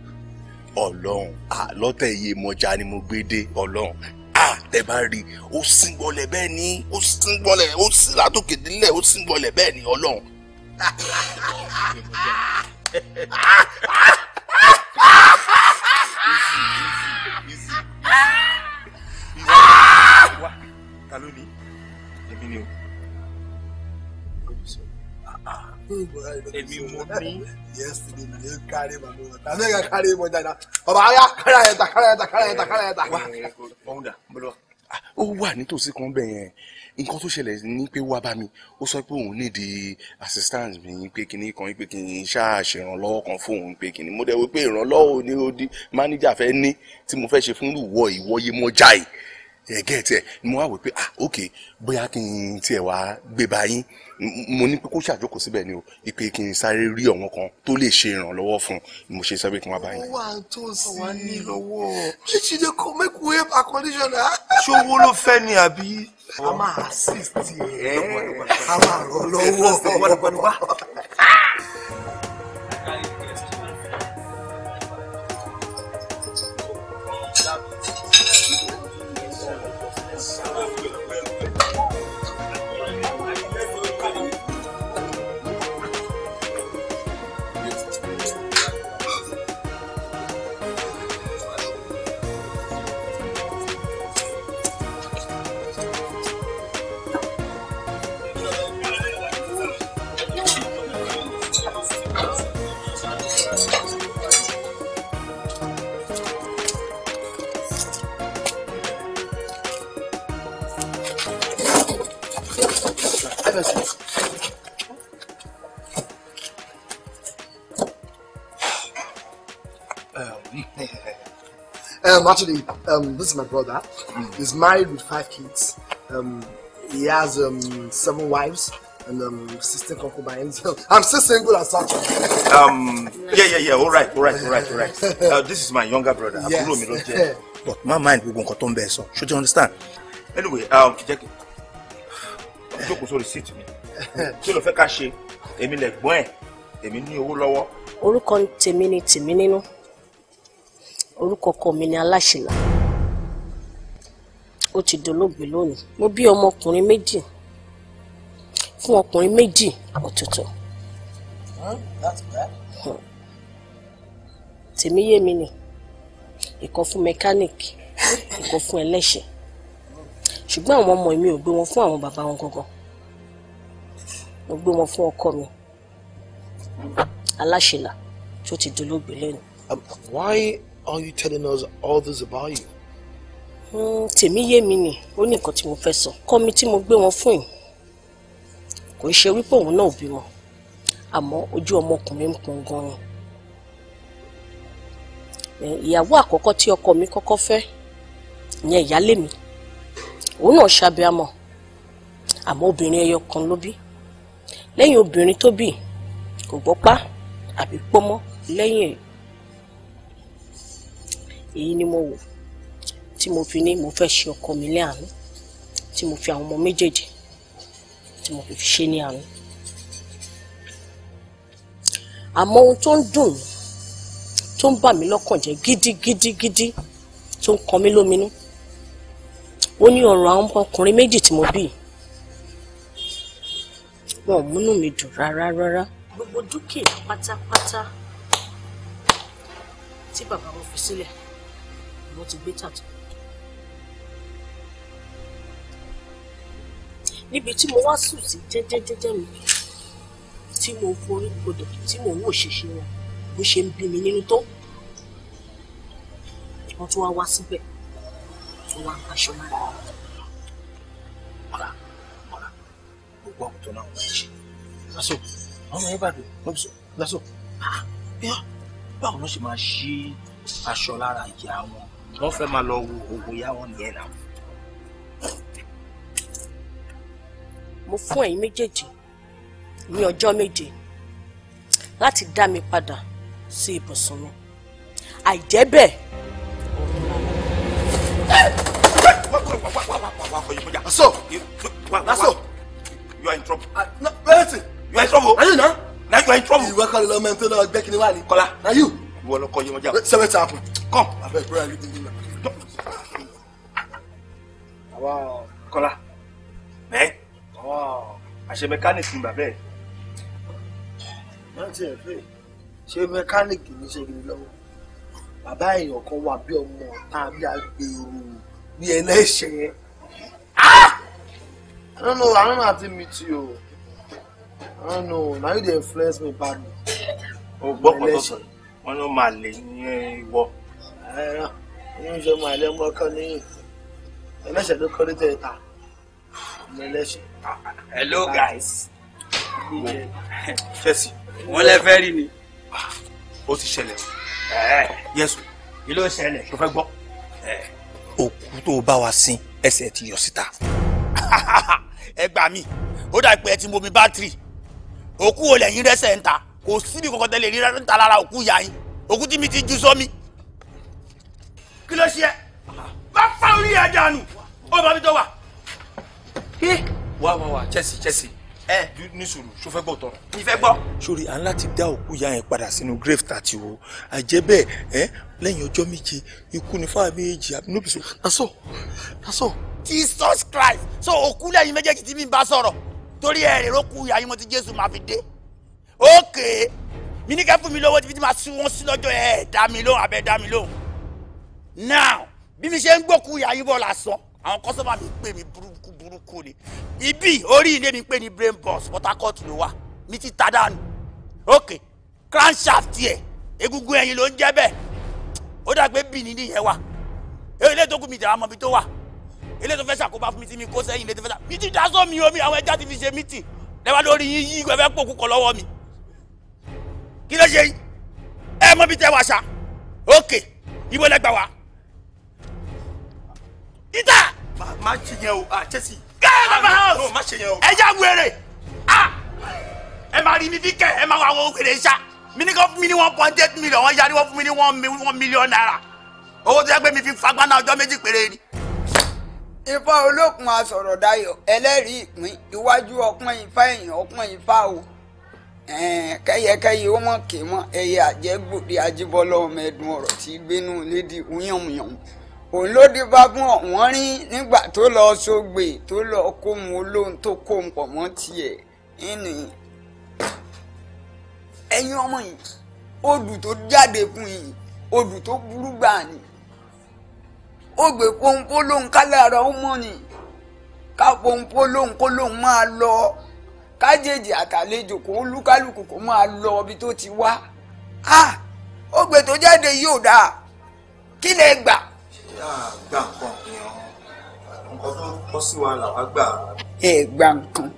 Ọlọ́run lọ́tẹ̀ iye mọ́jà ni mo gbé dé Ọlọ́run tẹ bá rí ó sìn gbọlẹ̀ bẹ́ẹ̀ ni ó sìn gbọlẹ̀ ó sìn látòkè délẹ̀ ó sìn gbọlẹ̀ bẹ́ẹ̀ ni Ọlọ́run. Easy, easy, easy ìwọ wá ta ló ní èmi ni o. èmi mo ní. yẹ́sì ni mi yẹn kárí ma ló wà tá mẹ́ka kárí mọ dáadáa bàbá ayá kára yẹn ta kára yẹn ta kára yẹn ta kára yẹn ta. wá ọ̀hún dà mo ó wà nítòsí kan bẹ́ẹ̀ nǹkan tó ṣẹlẹ̀ ní pé wá bá mi ó sọ pé òun nídìí assistant mi pé kí ni kan pé kí n ṣáà ṣèrànlọ́wọ́ kan fóun pé kí ni mo dẹ̀ wí pé ìrànlọ́wọ́ ni ó di mánéjà fẹ́ ní tí mo fẹ́ ṣe fún ìwọ ìwọ́yé mọ́ jáì ẹ̀gẹ́ tiẹ̀ ni mo wá wò pé ah ok bóyá kí n tiẹ̀ wá gbé báyìí mo ní pé kó ṣàjókòó síbẹ̀ ni o ìpè kí n sáré rí ọ̀wọ́n kan tó lè ṣe ìrànlọ́wọ́ fún un mo ṣe sọ pé kí n bá yín. wà á tó sí wà á ní lọ́wọ́ ṣíṣí lè kọ́ make way for condition ah. ṣówó ló fẹ́ ni àbí. a máa assist ẹ̀ a máa ràn lọ́wọ́. Um, have (laughs) a Um, actually, um, this is my brother. Mm. He's married with five kids. Um, he has um, seven wives and um, 16 concubines. (laughs) I'm still single as such. Um, yeah, yeah, yeah. All right, all right, all right, all right. (laughs) Uh, this is my younger brother. Yes. But my mind will go on to so Should you understand? Anyway, um, jókòó sórí síìtì mi kí ló fẹ́ ká ṣe èmi lẹ̀gbọ́n ẹ̀ èmi ní owó lọ́wọ́. orúkọ tèmi ni tèmi nínú orúkọ ọkọ mi ni aláṣìlá ó ti dolóògbé lónìí mo bí ọmọkùnrin méjì fún ọkùnrin méjì ọ̀tọ̀ọ̀tọ̀. Hmm, hmm. tèmi yé mi ni ìkan fún mẹkáníìkì (laughs) ìkan fún ẹlẹ́ṣẹ̀ ṣùgbọ́n àwọn ọmọ mi ò gbé wọn fún àwọn bàbá wọn gangan mo gbé wọn fún ọkọ mi aláṣẹlà tó ti dolóògbé lẹ́nu. Um, why are you telling us all this about you. Hmm, tèmi yé mi ni ó ní nǹkan tí mo fẹ́ sọ kọ́ mi tí mo gbé wọn fún yìí kò ṣe wípé òun náà bímọ àmọ́ ojú ọmọkùnrin ń pọn gan-an ìyàwó àkọ́kọ́ tí ọkọ mi kọ́kọ́ fẹ́ ìyẹn ìyálé mi òun náà ṣàbíamọ àmọ́ obìnrin ẹyọ kan ló bí lẹ́yìn obìnrin tó bì kò gbọ́pá àbí pọ́mọ́ lẹ́yìn ẹ̀ èyí ni mo wò tí mo fi ní mo fẹ́ ṣe ọkọ mi ní àánú tí mo fi àwọn ọmọ méjèèjì tí mo fi ṣe ní àánú àmọ́ ohun tó ń dùn tó ń bà mí lọ́kàn jẹ́ gidigidigidi tó ń kọ mí lóminú ó ní ọ̀rọ̀ àwọn ọkùnrin méjì tí mo bí wọn ò múnú mi dùn rárá rárá. gbogbo dúkìá pátápátá tí bàbá wọn fi sílẹ̀ ni wọ́n ti gbé tàtó. níbi tí mo wá sùn sí jẹ́jẹ́jẹ́jẹ́ mi tí mo forí gbọdọ̀ tí mo wò ṣèṣe wọn bó ṣe ń bí mi nínú tó wọ́n tún wá wá síbẹ̀ wọ́n wá aṣọ máa ń bá wọn gbọ́ tó náà wọ́n ṣe lásò àwọn yẹn bàdó lọ́bùsọ̀ lásò bíọ́ ah, báwo ló ṣe máa ṣí aṣọ lára ìyá wọn wọ́n fẹ́ máa lọ wo oògùn ìyá wọn nìyẹn náà. mo fún ẹ̀yin méjèèjì ní ọjọ́ méje láti dá mi padà sí ibùsùn mi àìjẹ́ bẹ́ẹ̀. Lasso! Lasso! you are in trouble. Ah, no, lẹ́sìn. you are in trouble. Are you now? Now you are in trouble. ìwé kan lọ mẹ́tò náà gbẹ́ kini wà ní. kọ́lá na you. ìwọ lọ kọ yé wọn jà. sẹ́wẹ̀ tí a kun. come. àfẹ́ ìpínlẹ̀ yìí Wow. yín na. àwa kọ́lá. bẹ́ẹ̀. àṣẹ mẹkáníìkì bàbá ẹ̀. láti ẹ̀ fẹ́ ṣé mẹkáníìkì ní ṣe kiri lọ́wọ́ bàbá èèyàn kan wà bí ọmọ ọ̀tá bí agbèrò bí ẹlẹ́ṣẹ̀ẹ́ I don't know. I don't know how to meet you. I don't know. Now you dey influence me badly. O gbọ́ pọ̀ tó sọ. Wọ́n ló máa lè ní ìwọ. Ẹran ní oúnjẹ máa lẹ́ mọ́ kán ní ẹlẹ́ṣẹ̀ ló kọ́ ní tẹ̀ta. Ẹlẹ́ṣẹ̀. Hello guys. Chelsea. Wọ́n lẹ fẹ́ rí ni. Ó ti ṣẹlẹ̀ o. Eh. Yẹ́sù. Kí ló ṣẹlẹ̀? Ṣo fẹ́ gbọ́? Eh. Òkú tó bá wa sin ẹsẹ̀ ti yọ síta. (laughs) ẹ gbà mí ó dà pé ẹ ti momi bátìrì òkú olè yín rẹ́sẹ̀ ń ta kò síbi kankan tẹ́lẹ̀ rí ń ta lára òkú ìyá yín òkú tí mi ti ju sọ́mi. kí ló ṣe ẹ bá fa orí ẹ dànù ó bá mi tó wà. wá wá wá chelsea chelsea ẹ ní sùúrù ṣó fẹ́ gbọ́ tọrọ. mi fẹ́ gbọ́. sori à ń láti dá òkú ìyá yẹn padà sínú grave tàti o àjẹ́ bẹ́ẹ̀ ẹ lẹ́yìn ọjọ́ méje ikú ni fáwọn méjì àbí nóbìsọ lásọ lásọ jesus christ so òkú lẹ́yìn méjèèjì tí mi bá sọ̀rọ̀ torí ẹ̀ rẹ̀ rókù ìyá yín mo ti jésù máa fi dé ókè mi ní kẹ́ mi lówó tí fi máa sún wọn sí lọ́jọ́ ẹ̀ dá mi lóhùn abẹ́ dá mi lóhùn now bí mi ṣe ń gbókù ìyá yín bọ̀ lásán àwọn kọ́sọ́mà mi pè mí burúkú burúkú ni ibi orí ilé mi pè ní brain box port harcourt ló wà mi ti ta dànù ókè crankshaft yẹ egungun ẹ̀yìn ló ń jẹ́ bẹ́ẹ̀ ó dàgbé bì ní nìyẹn wà èyí tó kù mi ìjà àmọ́ mi tó wà ilé tó fẹ́ ṣàkóbá fún mi tí mi kó sẹ́yìn ilé tó fẹ́ ṣàkóbá mi ti dá sọ mi omi àwọn ẹja ti fi ṣe mítìn lẹ́wà lórí yín yí ìgbẹ́ fẹ́ pòkú lọ́wọ́ mi kí ló ṣe ẹ mọ bí tẹ wá ṣá òkè ibo lẹgbà wá. ìta. má ṣe yẹn o à gẹ́gẹ́ bàbá ah, house. ṣe yẹn o. ẹ já a ẹ máa rí mi bí kẹ ẹ máa wá àwọn wèrè ṣá mi ní kó fún mi ní one point eight million wọ́n yarí wọ́n fún mi ní one million naira owó tó yẹ pé mi fi fagbá náà ọjọ́ méjì péré ni ifá olókun asọ̀rọ̀ dayọ̀ ẹlẹ́rìí ìpín iwájú ọpọ́n ifá ẹ̀yìn ọpọ́n ifá o kẹ́yẹkẹ́yẹ ó mọ̀ ké mọ́ ẹyẹ àjẹgbòde ajíbọ́lá ọmọ ẹ̀dùn ọ̀rọ̀ tí gbénú lédi yànmùyànmù òun ló di bá fún ọ̀wọ́n rí nígbà tó lọ sógbè tó lọ kóhun olóhun tó kóhun pọ̀ mọ́ tiẹ̀ ẹnì ẹ̀yin ọmọ yìí odù tó jáde fún yìí odù tó burú gbà ni ògbè pọ́npọ́lóhùn kálára ọmọ ni ká pọ́npọ́lóhùn kólóhùn máa lọ kájèjì àtàlejò kó lúkálùkù kó máa lọ ibi tó ti wá ogbe tó jáde yóò dà kí lè gbà. ṣé àgbà nǹkan tó kọ́ sí wa làwa gbà. ẹ gbà nǹkan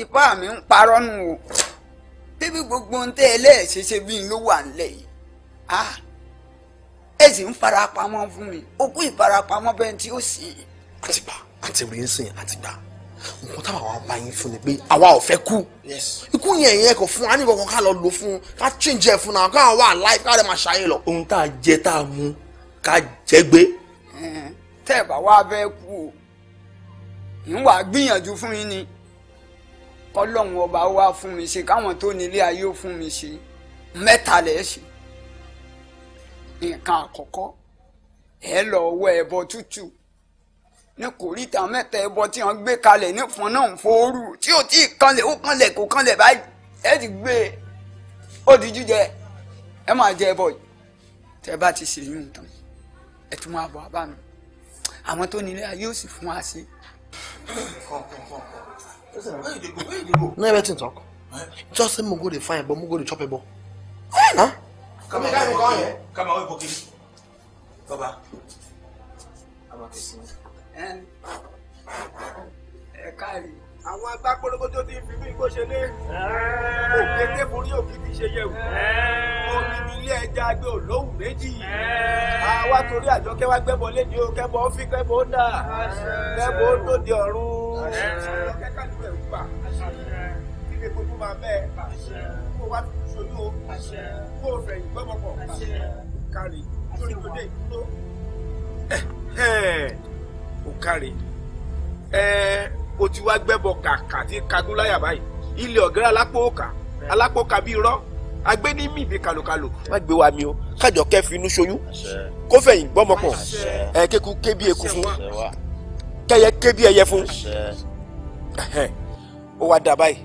ipá mi o bíbí gbogbo ń tẹ́ ẹ n ló wà ẹ sì ń farapamọ́ fún mi okú ìfarapamọ́ bẹ́ẹ̀ tí ó sì. àti bá àti rí nsìn àti gbà nǹkan táwọn àwọn bá yín fún ni pé àwa ò fẹ́ kú ikú yẹn yẹn kò fún wa ní kankan ká lọ lò fún ká change ẹ̀ fún náà ká wà láìpẹ́ ká lè máa ṣàyè lọ. ohun tá a jẹ tá a mu ká jẹ gbé. tẹ́ ẹ bá wá fẹ́ kú o ń wà gbìyànjú fún yín ni kọ́lọ́hún ọba wa fún mi ṣe káwọn tó nílé ayé fún mi ṣe mẹ́ta lẹ́ẹ̀ṣin nǹkan àkọ́kọ́ ẹ lọ wọ ẹbọ tútù ní kòríta mẹ́ta ẹbọ tí wọ́n gbé kalẹ̀ nífun náà ń fooru tí ò tí ì kanlẹ̀ ó kanlẹ̀ kò kanlẹ̀ báyìí ẹ ti gbé e ó di jíjẹ ẹ máa jẹ ẹbọ yìí tẹ bá ti ṣe yún tán ẹ tún máa bọ̀ abá mi àwọn tó nílé ayé ò sì fún wa ṣe. no everything talk just say mo go dey find but mo go dey chop ebo. Hey, nah kama ká mi kàn yẹn. kama wọ́n ìbòkè bàbá a máa tẹ̀síwájú. ẹ káàrí àwọn agbápolówó tó ti fi bí bó ṣe lé òkè kébùrí òkè kì í ṣe yẹ̀wò omi ní ilé ẹja gbé olóhùn méjì àwa torí àjọkẹ́ wa gbẹ́bọ lédi o kẹ́bọ fi kẹ́bọ dà kẹ́bọ lóde ọ̀run kẹ́kẹ́ kàlùwẹ̀ wù kí ni gbogbo máa bẹ́ẹ̀ kó wá fi ṣojú o kó o fẹ̀yìn gbọ́mọ̀pọ̀ kárí lórí tó dé ìdúró. o kárí o ti wá gbẹ́bọ kàkà tí kagún láyà báyìí ilé ọ̀gẹ́rẹ́ alápò òkà alápò kàbí irọ́ agbé ní mìbí kàlòkàlò má gbé wa mi o kájọ kẹ́ finú ṣoyún kó fẹ̀yìn gbọ́mọ̀pọ̀ ẹ kéku kébí eku fún kẹyẹ kébí ẹyẹ fún ó wá dà báyìí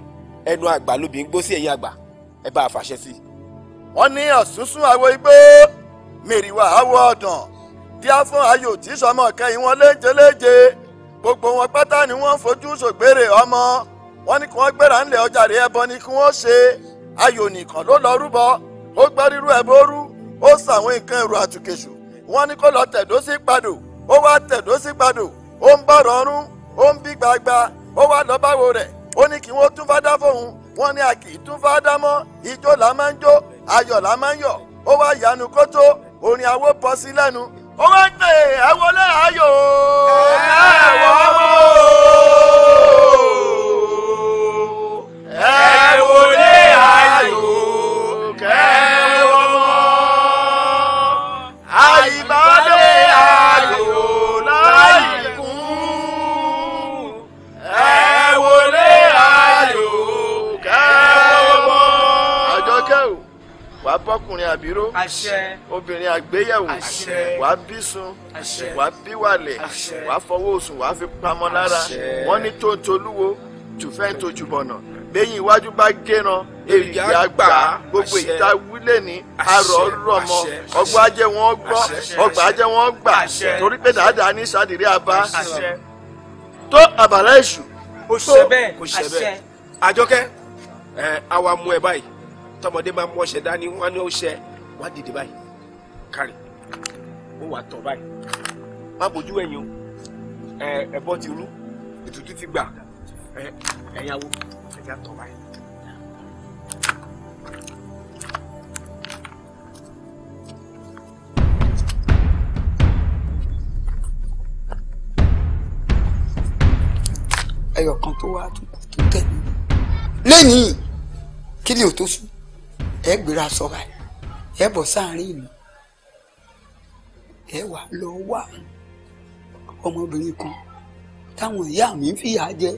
ẹnu àgbà lóbi ń gbó sí ẹ̀yìn àgbà ẹ bá a fàṣẹ sí i. wọ́n ní ọ̀sùnsùn àwo igbó mèrìwà àwọ̀ ọ̀dàn díá fún ayò tí sọmọ kẹyìn wọn léjeléje gbogbo wọn pátá ni wọ́n fojú sògbére ọmọ wọ́n ní kí wọ́n gbéra ńlẹ̀ ọjà rẹ̀ ẹbọ ni kí wọ́n ṣe ayò nìkan ló lọ rúbọ ó gbẹ́ rírú ẹbọ rú ó sàwọn nǹkan èrò àtùkèṣù wọ́n ní kó lọ tẹ̀dó sí padò ó wá tẹ̀dó sí padò ó ń bọ̀rọ̀ ọrún ó ń bí gbagba ó wá lọ báwo rẹ̀ ó ní kí wọ́n tún fádá fóun wọ́n ní a kì í tún fáadá mọ́ ijó là máa ń jó ayọ̀ là máa ń yọ̀ ó wá yanu kó tó orin awo bọ́ sí lẹ́nu ó wá ń pè é ayò ẹ wọ́n ọkùnrin àbíró obìnrin àgbéyẹ̀wò wàá bí sun wàá bí wàlẹ̀ wàá fọwọ́ sùn wàá fi pamọ́ lára wọ́n ní tó ń tolúwo tùfẹ́ tojúbọ̀nà lẹ́yìn iwájú bá gẹ́ran èrìgì àgbà gbogbo ìta wílé ní arọ̀ rọ̀mọ ọgbọ́n ajẹ́ wọn gbọ́ ọgbà ajẹ́ wọn gbà torí pé dáadáa ní sádìrí abá tó àbàlá èṣù tó kò ṣe bẹ́ẹ̀ àjọkẹ́ àwa mú ẹ báyìí tọmọdé bá mú ọṣẹ dání wọn ni ó ṣẹ wọn dìde báyìí kárì ó wà tọ báyìí má bójú ẹ̀yìn o ẹ ẹbọ ti rú ètùtù ti gbà ẹ ẹyàwó ẹjà tọ báyìí. ẹyọ tó wá tó tẹ̀lé lẹ́yìn kí lè tó sùn ẹ gbéra sọ báyìí ẹ bọ̀ sáàrin ìlú ẹ wà lọ wá ọmọbìnrin kan táwọn ìyá mi ń fìyà jẹ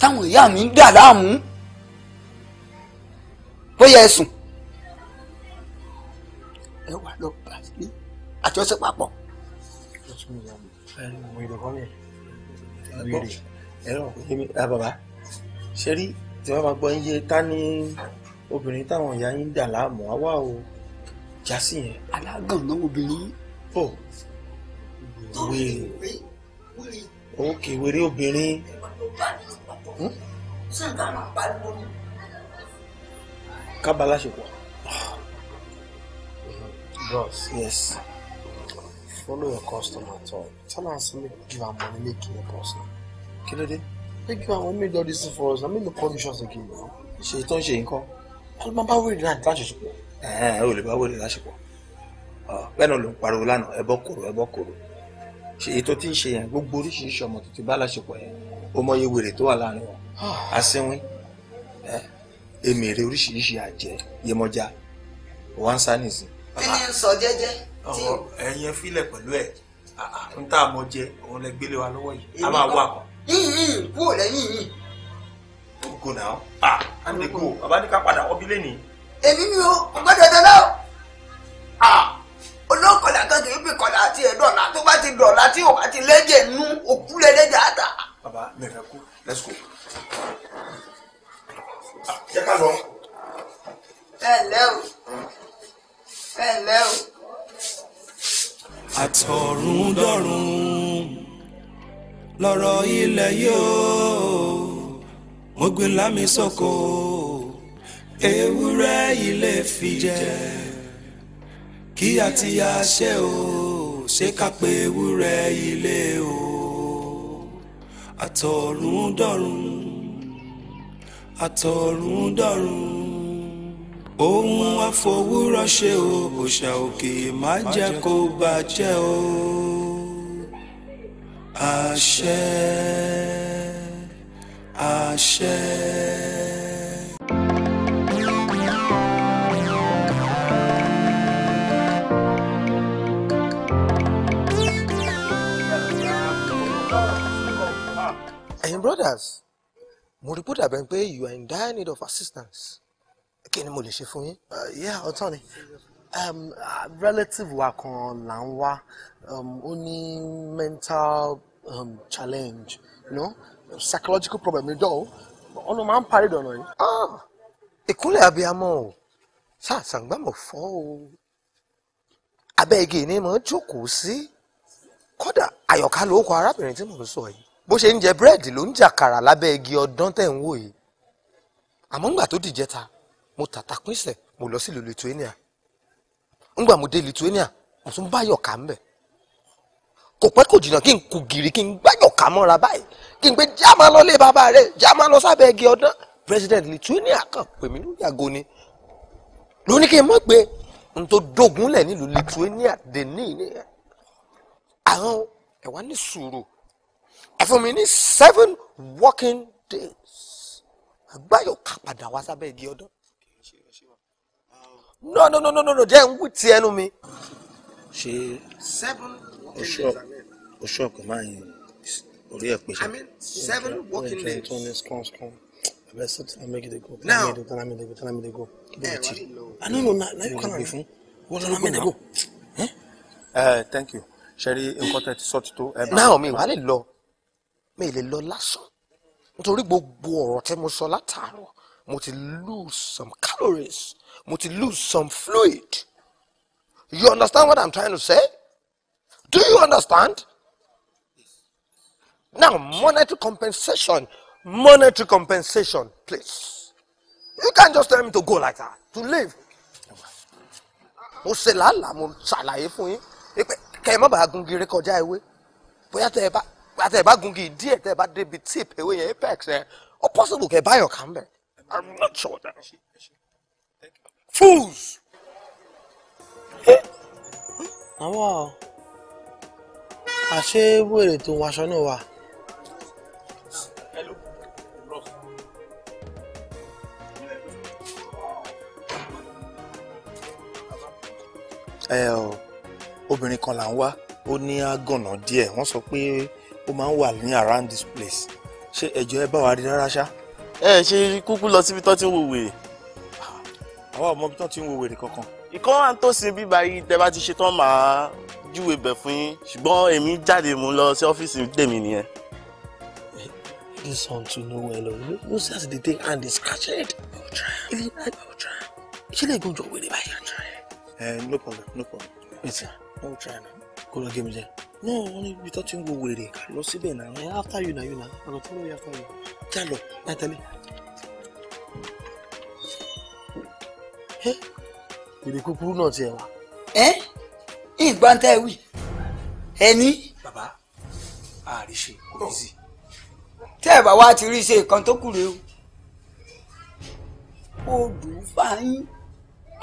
táwọn ìyá mi ń dà láàmú bóyá ẹ sùn ẹ wà lọ bá ní àjọṣe papọ̀. ẹ rọ ẹ bàbá ṣe rí tí wọn máa gbọ́ ń yé ta ni obìnrin táwọn ìyá yín dà láàmú á wà o já sí yẹn. alágàn náà obìnrin. ọ wèrè òkè wèrè obìnrin. Hmm? kábàlá ṣe bros yes follow your customer talk tell am say make give am money make he help us kí ló dé. make give am money make do all this thing for us na make no call me short again. ṣe tó ń ṣe nǹkan ló máa bá wèrè náà láṣepọ̀. ẹ ò lè bá wèrè láṣepọ̀ bẹ́ẹ̀ náà ló ń pariwo lánàá ẹbọ kòrò ẹbọ kòrò èyí tó ti ń ṣe yẹn gbogbo oríṣiríṣi ọmọ tó ti bá láṣepọ̀ yẹn ó mọyé wèrè tó wà láàrin wọn ah. asínwín emèrè oríṣiríṣi àjẹ yemọja wansanisi. kí ni ń sọ jẹ́jẹ́. ẹyin filẹ pẹ̀lú ẹ ah, ah, n tá a mọ jẹ òun lè gbélé wa lọ́wọ́ yìí a máa wà yìnyín kúrò lẹ́yìn yìnyín go now. ah i go baba ní ká padà wọ́n bí lẹ́nìí. ni o ọgbẹ́ dandan náà ah olókọ̀lá kan kì í fi kọ̀lá àti ẹ̀dọ̀lá tó bá ti dọ̀lá tí ò bá ti lẹ́jẹ̀ nú òkú lẹ́lẹ́jẹ̀ àtà. baba mi fẹ́ kú let's go. Ah, jẹ́ ká lọ. ẹ ǹlẹ́ o ẹ ǹlẹ́ o. yóò mo gbé lámì sóko ewúrẹ́ ilé fi jẹ kí àti àṣẹ o ṣe ká pé ewúrẹ́ ilé o àtọ̀run dọ̀run àtọ̀run dọ̀run ohun àfọwúrọ̀ ṣe o òòṣà òkè má jẹ́ kó bàjẹ́ o àṣẹ àṣẹ. brothers mo rí bódà bẹ́ẹ̀ pé you are in dire need of assistance kí ni mo lè ṣe fún yín. Uh, yẹ́ ọ̀tọ̀ ni um, relative wa kan là ń wá um, ó ní mental um, challenge you know? psychological problem ni dọ́ọ̀ ọ̀nà máa ń parí dọ̀nà yìí. ìkúnlẹ̀ ah, abiyamọ o sa sangba o abẹ́ igi ni mo jókòó sí kódà àyọ̀ká ló kọ arábìnrin tí mò ń sọ yìí bó ṣe ń jẹ búrẹ́dì ló ń akara labe igi odon te nwo wò yìí àmọ́ to tó dìjẹta mo tàtàkùn ìsẹ̀ mo lo si lo Lithuania ńgbà mo de Lithuania mo tún bá yọ̀ká ńbẹ̀ kò pẹ́ kò jìnnà kí n kù gìrì kí n gbáyọ̀ ká mọ́ra báyìí kí n pé já máa lọ bàbá rẹ̀ já máa lọ sábẹ́ igi ọdán president lituania kan pè mí lórí aago ni ló ní kí n mọ̀ pé n tó dógunlẹ̀ nílùú lituania dè ní ìníyẹn àwọn ẹ̀wá ní sùúrù ẹ fún mi ní seven working days àgbáyọ̀ ká padà wá sábẹ́ igi ọdán no no no no no jẹ́ n wí ti ẹnu mi ṣe seven o sure pé máa yin orí ẹ̀ pé. I mean seven working days. now, ní strong strong abẹ́ sọ́tún náà méjì dẹ́gò tánàmì dẹ́gò tánàmì dẹ́gò tánàmì dẹ́gò kí ló ti. àná nù náà yóò kàn án fún wọ́n tánàmì dẹ́gò. thank you ṣẹ́rí nǹkan tẹ́ ti sọ ti tó. now, mi wàá lè lọ mi lè lọ lásán nítorí gbogbo ọ̀rọ̀ tí mo sọ látàárọ̀ mo ti lose some calories mo ti lose some fluid you understand what I'm trying to say. Do you understand? Now, monetary compensation. Monetary compensation, please. You can't just tell me to go like that, to leave. Mo ṣe làálàá mo ṣàlàyé fún yín pé má bàa gungi rékọjá ewé bóyá tẹ́ ẹ bá bóyá tẹ́ ẹ bá gungi díẹ̀ tẹ́ ẹ bá débi tip ewé yẹn apex ẹ ó possible kẹ́ ẹ bá yàn kàn bẹ̀. I'm not sure that. Fools! Àwọn àṣé wèrè tó wàṣọ náà wà. ẹ ọ obìnrin kan là ń wá ó ní àgànà díẹ̀ wọ́n sọ pé ó máa ń wà ní around this place ṣé ẹjọ ẹ bá wa rí rárá ṣá. ẹ ṣe kúkú lọ síbi tó ti ń wo wèrè. àwa ò mọ ibi tó ti ń wo wèrè kankan. ìkọ́ wa ń tòsí bíbá yìí tẹ́ bá ti ṣe tán màá júwe bẹ̀ fún yín ṣùgbọ́n èmi jáde mú lọ sí ọ́fíìsì tèmi nìyẹn. this one too no well o you know say as the thing hand is scratched. ilé ayọ̀ try. ìṣẹ̀lẹ̀ ìgbọ̀njọ wèrè báyìí. Eh, no problem no problem. wetin no try na kó lọ gé mi jẹ. no only ní ibi tó go ń wo wèrè lọ síbẹ̀ náà after you na you na I ọ̀nà tó you after you. já lọ náà tẹ̀lé. wèrè kúkúrú náà ti ẹ̀ wá. ẹ́ eh? ìgbọ́n tẹ́ wì ẹni. bàbá àárí ṣe kò sí. tẹ́ ẹ̀ bá wá ti rí ṣe nǹkan tó kù rèé o. odò fáyín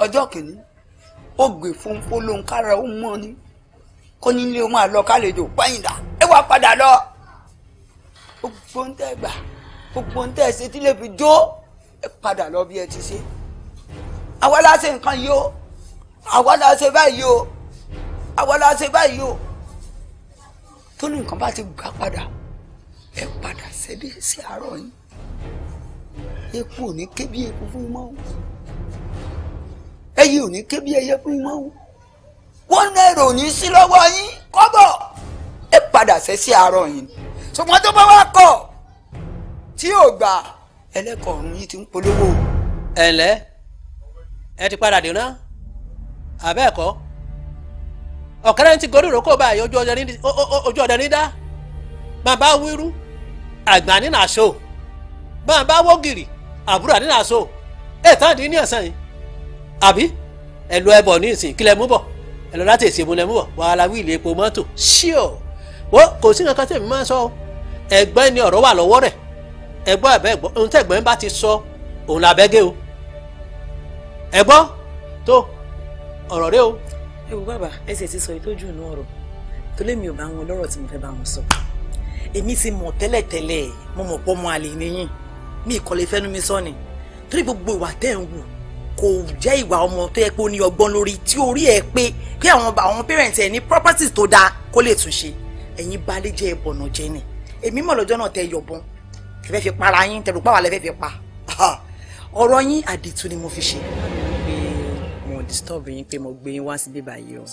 ọjọ́ kìíní ó gbè fún polóhùn kára ó mọ́ ni kó nílé o máa lọ kálejò pẹ́yìndà ẹ wá padà lọ. gbogbo ń tẹ́ gbà gbogbo ń tẹ́ ṣe tí lè fi jó ẹ padà lọ bí ẹ ti ṣe. àwa la ṣe nǹkan yìí o àwa la ṣe báyìí o àwa la ṣe báyìí o tó ní nǹkan bá ti gbà padà ẹ padà sẹ́bí sí àárọ̀ yín epo ò ní ké bí epo fún mọ́ o ẹyẹ ò ní ké bí ẹyẹ fún mọ́ o wọ́n náírà ò ní sí lọ́wọ́ yín kọ́bọ̀ ẹ padà sẹ́ sí àárọ̀ yín ṣùgbọ́n tó bá wá kọ̀ tí ò gbà ẹlẹ́kọ̀ọ́ yìí ti ń polówó. ẹ̀ǹlẹ́ ẹ ti padà dé náà àbẹ́ẹ̀kọ́ ọ̀kẹ́rẹ́ ti gorí ìrókò báyìí ojú ọdẹ ní dá bàbá wíru àgbà nínú àṣọ bàbá wọ́gìrì àbúrò nínú àṣọ ètò àdín ní ọ̀sán yìí àbí ẹ lọ ẹbọ ní ìsìn kílẹ̀ mú bọ̀ ẹ lọ láti èsì ìmúlẹ̀ mú bọ̀ wàhálà wíìlì epo mọ́tò ṣíọ̀ wọ́n kò sí nǹkan tẹ̀mí máa ń sọ ọ́ ẹgbẹ́ ni ọ̀rọ̀ wà lọ́wọ́ rẹ̀ ẹgbọ́ ẹ̀bẹ́ ẹ̀gbọ́ ohun tẹ̀gbọ́n bá ti sọ òun làbẹ́gẹ́ o ẹgbọ́ tó ọ̀rọ̀ rẹ o ẹ wo bàbá ẹsẹ̀ ti sọ ìtọ́jú inú ọ̀rọ̀ tó lé mi ò bá wọn lọ́rọ̀ tí mo fẹ́ bá wọn sọ èmi ti mọ̀ tẹ́lẹ̀tẹ́lẹ̀ mo mọ̀ pọ́ mọ àlè níyìn mi ìkọlẹ̀ fẹ́nu mi sọ ni torí gbogbo ìwà tẹ́ ń wù kò jẹ́ ìwà ọmọ tó yẹ pé ó ní ọgbọ́n lórí tí orí ẹ̀ pé kí àwọn àwọn parents ẹ̀ ní properties tó dáa kó lè tún ṣe ẹ̀yin balẹ̀ jẹ́ ẹ̀bọ̀nà jẹ ni èmi mọ̀ lọ́jọ́ náà tẹ yọ̀bọ̀n tẹ fẹ́ fi para yín tẹ rò pàwọ́ alẹ́ fẹ́ fi pa ọ̀rọ̀ yín àdìtú ni mo fi ṣe disturb yín pé mo gbé yín wá sí bíbá yìí o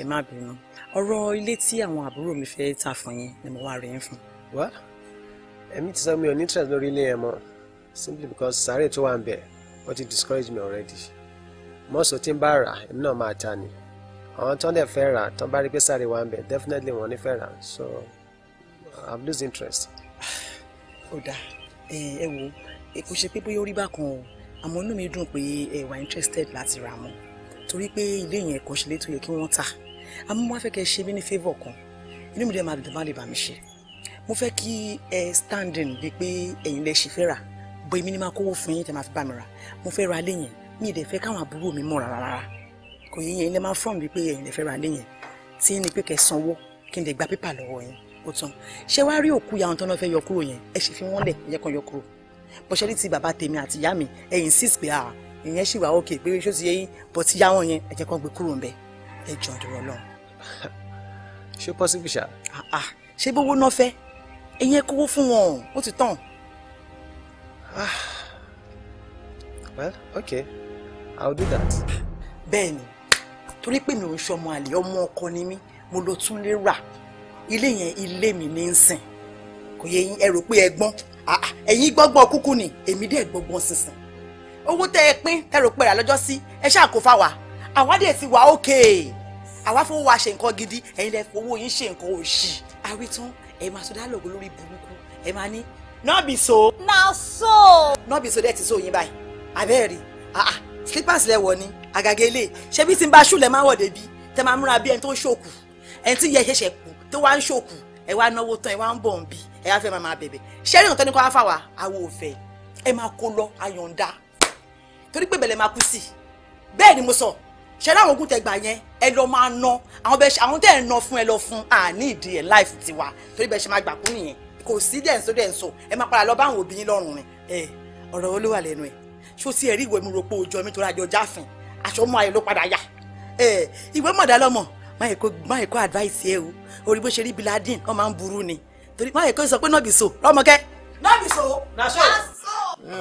ẹ má bínú ọ̀rọ̀ ilé tí àwọn àbúrò mi fẹ́ ta fún yín ni mo wá rí yín fún. wá èmi ti sọ mi ò ní interest lórí ilé yẹn mọ́ simply because sáré tó wà ń bẹ̀ ó ti discourage me already mọ́sọ̀ tí ń bá rà èmi náà máa ta ni àwọn tó ń dẹ̀ fẹ́ rà tó ń bá rí pé sáré wà ń bẹ̀ definitely wọ́n ní fẹ́ rà so i'm losing interest. ó dáa ẹ wo èkó ṣe pé bóyá ó rí bákan o àmọ́ inú mi dùn pé ẹ wà interested láti rà mọ́ torí pé ilé yẹn kò ṣe létò yẹ kí wọ́n tà àmọ́ wọ́n fẹ́ kẹ́ ṣe mí ní favour kan inú mi dẹ̀ máa dùn má lè bá mi ṣe mo fẹ́ kí ẹ standing bíi pé ẹ̀yin lẹ ṣe fẹ́ rà bọ́ èmi ni máa kówó fún yín tẹ́ máa fi bá mi rà mo fẹ́ ra ilé yẹn mi ìdẹ̀ fẹ́ káwọn àbúrò mi mọ̀ rárá kò yẹ yẹn ilé máa fọ́ọ̀mù bíi pé ẹ̀yin lẹ fẹ́ ra ilé yẹn tí ní pé kẹ́ sanwó kí n lè gba pépà lọ́wọ́ yẹn ó tán ṣé wàá rí òkú yàrá tó náà fẹ́ yọ kúrò yẹn ẹ sì fi wọ́n lẹ̀ yẹ kán yọ kúrò bọ́sẹ́lí ti bàbá tèmi àti ìyá mi ẹ̀yìn six pé a ah, ìyẹn sì wà òkè pé ṣó ti yẹ yín bọ́ ti yá wọn yẹn ẹ jẹ́ gbé kúrò ńbẹ ẹ jọ ọ̀dọ̀rọ̀ lọ. (laughs) ṣé possible ṣá. Ah, ah, ṣé bówó náà fẹ́ ẹ̀yìn ẹ kówó fún wọn ó ti tàn. well okay i'll do that. bẹ́ẹ̀ni torí pé mi ò ń ṣọmọ àlè ọmọ ọkọ ni mí mo lọ tún lè rà ilé yẹn ilé mi ní ń sìn kò yẹ ẹ rò pé ẹ gbọ́n Ah, ah, ẹ̀yin gbọ́ngbọ́n kúkú ni èmi dẹ̀ gbọ́ngbọ́n sísìn owó tẹ ẹ pín tẹrò pẹ̀rà lọ́jọ́ sí ẹ ṣáà kó fáwa àwa dẹ̀ ti wà ókè àwa fowó wa ṣe nǹkan gidi ẹ̀yin lẹ fowó yín ṣe nǹkan òṣì àwítún ẹ máa sọdá lògùn lórí burúkú ẹ máa ní nọ́ọ̀bì so. na so. nọ́ọ̀bì so dẹ̀ ti so yín báyìí abẹ́ẹ̀rì ah, slippers lẹ wọ̀ ni àgàgélé ṣebí tí n bá ṣùlẹ̀ máa wọ̀dé bí tẹ máa múra bí ẹni tó ń ṣòkù ẹni tí yẹ ṣẹ̀ṣẹ̀ kù tó wá ń ṣòkù ẹ wá náwó tán ẹ wá ń bọ̀ ń bíi ẹ á fẹ́ máa máa bẹ̀bẹ̀ ṣẹ́rí ọ̀tọ́ ní kó áfà wá àwọn òfẹ́ ẹ máa kó lọ ayọ̀ǹda torí pé bẹ̀lẹ̀ máa kú sí bẹ́ẹ̀ ni mo sọ ṣẹ́rí àwọn ogun tẹ̀gbà yẹn ẹ lọ máa ná àwọn bẹ́ẹ̀ àwọn tẹ̀ ń ná fún ẹ lọ fún àní ìdí ẹ̀ láìfù tiwa torí bẹ́ẹ̀ ṣe máa gbà kú nìyẹn kò sí dẹ̀ ń sọ dẹ̀ ń sọ ẹ máa padà lọ bá àwọn òbí yín lọ́rùn rìn ẹ ọ̀rọ̀ wo ló wà lẹ́nu ẹ̀ ṣó sí ẹ̀rí ìwé mi rò pé òjò mi torí àjọ jáfin aṣọ mọ ayé ló padà yá ẹ ìwé mọ̀dá lọ́mọ kó advice ẹ o orí bó ṣe rí Biladin wọ́n máa ń burú ni torí má yẹ kó sọ pé nọ́ọ̀bì so rọ́mọkẹ́ nọ́ọ̀bì so na so. èmi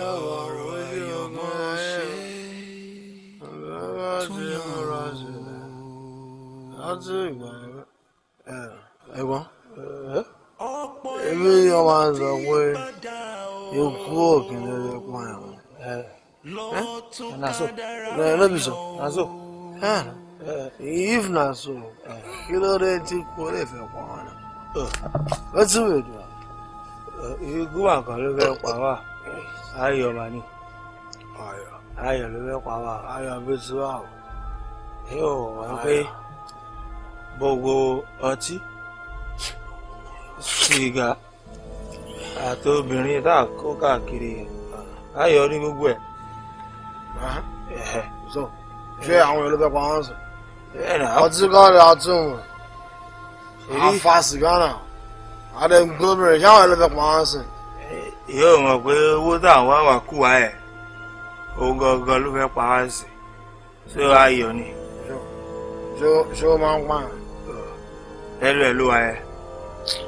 ni ọmọ àṣà pé ikú òkè ló lè pa ẹ̀wọ̀n. na so nọ́ọ̀bì so na if na kí ló dé tí kò lè fẹ́ pọ̀ ó tún wè dùn ikú mà kan ló fẹ́ pa wá ayọ̀ mà ni ayọ̀ ló fẹ́ pa wá ayọ̀ abẹ́síwá o yóò wá pé gbogbo ọtí sìgá àti obìnrin tá a kó káàkiri ayọ̀ ní gbogbo ẹ̀. ṣé àwọn èèyàn pa wọ́n sùn ọtí kọ́ ọ̀rẹ́ àtúnwò afa sìgárà adéǹgbòmìnrin ṣáwọn ẹlẹ́fẹ̀ pa wọ́n sìn. yóò mọ̀ pé owó táwọn wá wà kú wa ẹ̀ òun e. gangan ló fẹ́ pa wá sí ṣé ni. ṣé ó máa ń pa àrùn. ẹlò ẹ ló wa ẹ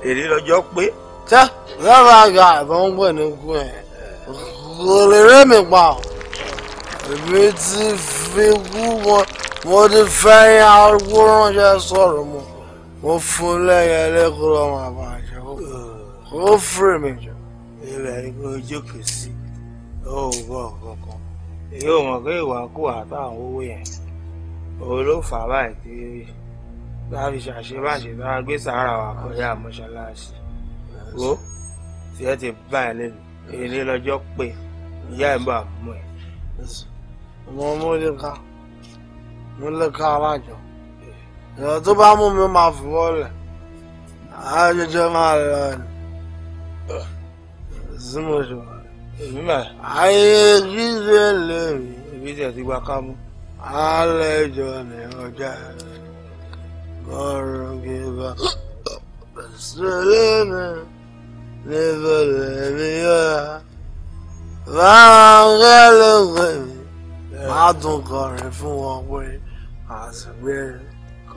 èrè lọ́jọ́ pé. tẹ́ lọ́rọ̀ àgbà ìbọn ń pè ní kú ẹ̀ kò lè rẹ́ pa ọ́ ti fi kú wọn mo ti fẹ́ yín àwòrán yẹn sọ̀rọ̀ mọ́. Kofula yẹlẹ kúrò ọmọ àbàjọ. Kò fúre mi jọ. Ibẹ̀ ni kò jókòó sí. Ó gbọ́ kankan. Èyí ò mọ̀ pé ìwàkuwà àtàwọn owó yẹn. Òun ló fà báyìí tí láfi ṣàṣebáṣe tá a gbé sàárà wa kọjá mọ́ṣáláṣí. Wo tí ẹ ti bá ẹ lẹ́nu. Èlé lọ́jọ́ pé ìyá ẹ̀ ń bọ̀ àmú ẹ̀. Ọmọ ọmọ lè ka. Mo lè ka alájọ ìrọ̀ tó bá mú mi máa fọwọ́ rẹ̀ àjẹjẹ máa lọ ni símọ̀jọ. ayé jíjẹ lè rí. ibi tí ẹ ti gba kámú. àlejò ní ọjà rẹ̀ bọ́ọ̀rù gíga sílẹ̀ mi níbo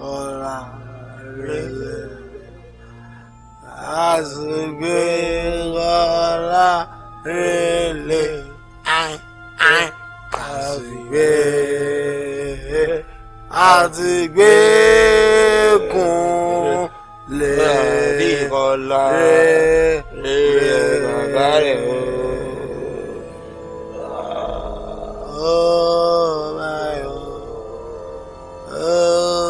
kọ́ra rere àsìgbè kọ́ra rere àsìgbè àsìgbè kún lè rere bàbá rẹ̀ o. Oh, my, oh, oh.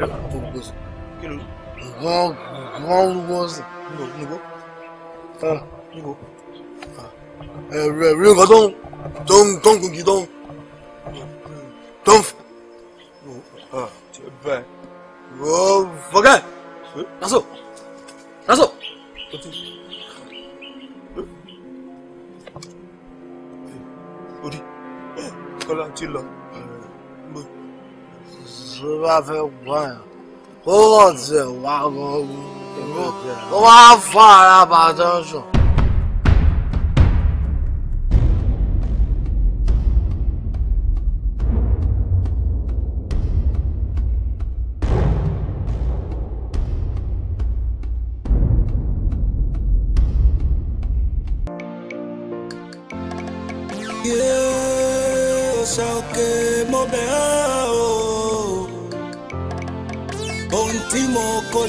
tó gbogbo sí. kí ló wọ́n ah. wọ́n ah. níbo níbo níbo. ẹ̀rọ ẹ̀rí nǹkan tó ń tó ń Ah, ń gungi tó ń tó ń fẹ́. tí o bẹ́ẹ̀. wọ́n fọ́gẹ́. naso naso. orí kọ́lá ti lọ tí ó bá fẹ́ gbọ́ ẹ̀ kó wọ̀ tiẹ̀ wá gan-an ó wá fún ara bàtà sùn.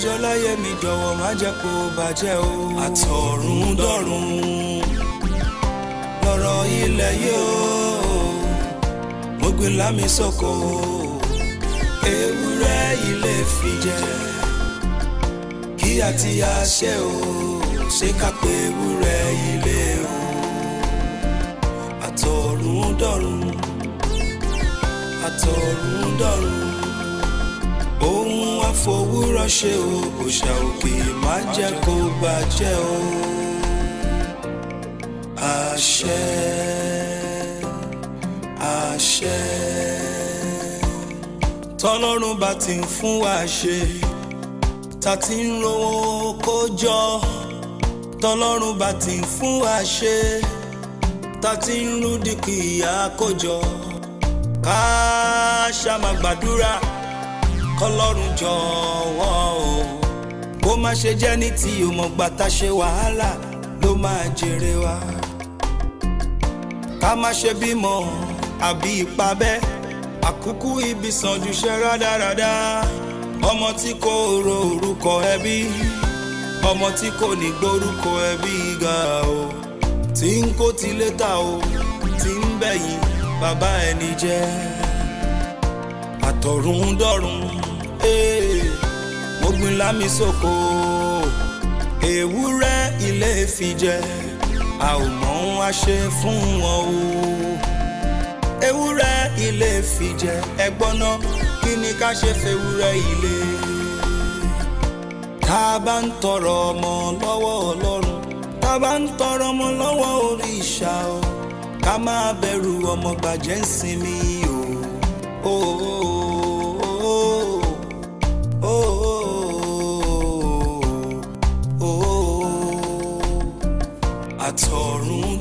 jọ láyé mi jọ̀wọ́ má jẹ́ kó bàjẹ́ o. àtọ̀run dọ̀run lọ́rọ̀ ilẹ̀ yóò mo gbin lámì ewúrẹ́ ilé fi jẹ kí àti àṣẹ o ṣe ká pé ewúrẹ́ ilé o àtọ̀run dọ̀run àtọ̀run dọ̀run wá fowórọ́ ṣe o òòṣà òkè má jẹ́ kó bàjẹ́ o àṣẹ àṣẹ tọ́lọ́run bá ti ń fún wa ṣe ta ti ń rówó kó jọ tọ́lọ́run bá ti ń fún wa ṣe ta ti ń rú dìkì ìyá kó jọ ká ṣá gbàdúrà kọlọ́run jọ̀wọ́ o kó má ṣe jẹ́ ní tí o mọ̀ gbà tá ṣe wàhálà ló máa jèrè wa ká má ṣe bímọ àbí ipa bẹ́ẹ̀ àkúkú ibi sàn ju ṣe rádaràda ọmọ tí kò ro orúkọ ẹbí ọmọ tí kò ní gbórúkọ ẹbí ga o tí ń kó tilé ta o tí ń bẹ̀yìn bàbá ẹni jẹ́ àtọ̀run dọ̀run mo gbin lámì sóko ewúrẹ́ ilé ìfijẹ a ò mọ ohun a ṣe fún wọn o ewúrẹ́ ilé ìfijẹ ẹgbọ́n náà kí ni ká ṣe fewúrẹ́ ilé tá a bá ń tọrọ ọmọ lọ́wọ́ ọlọ́run tá a bá ń tọrọ ọmọ lọ́wọ́ òrìṣà o ká máa bẹ̀rù ọmọ gbàjẹ́ ń sinmi o. Oh, oh, oh. àtọ̀run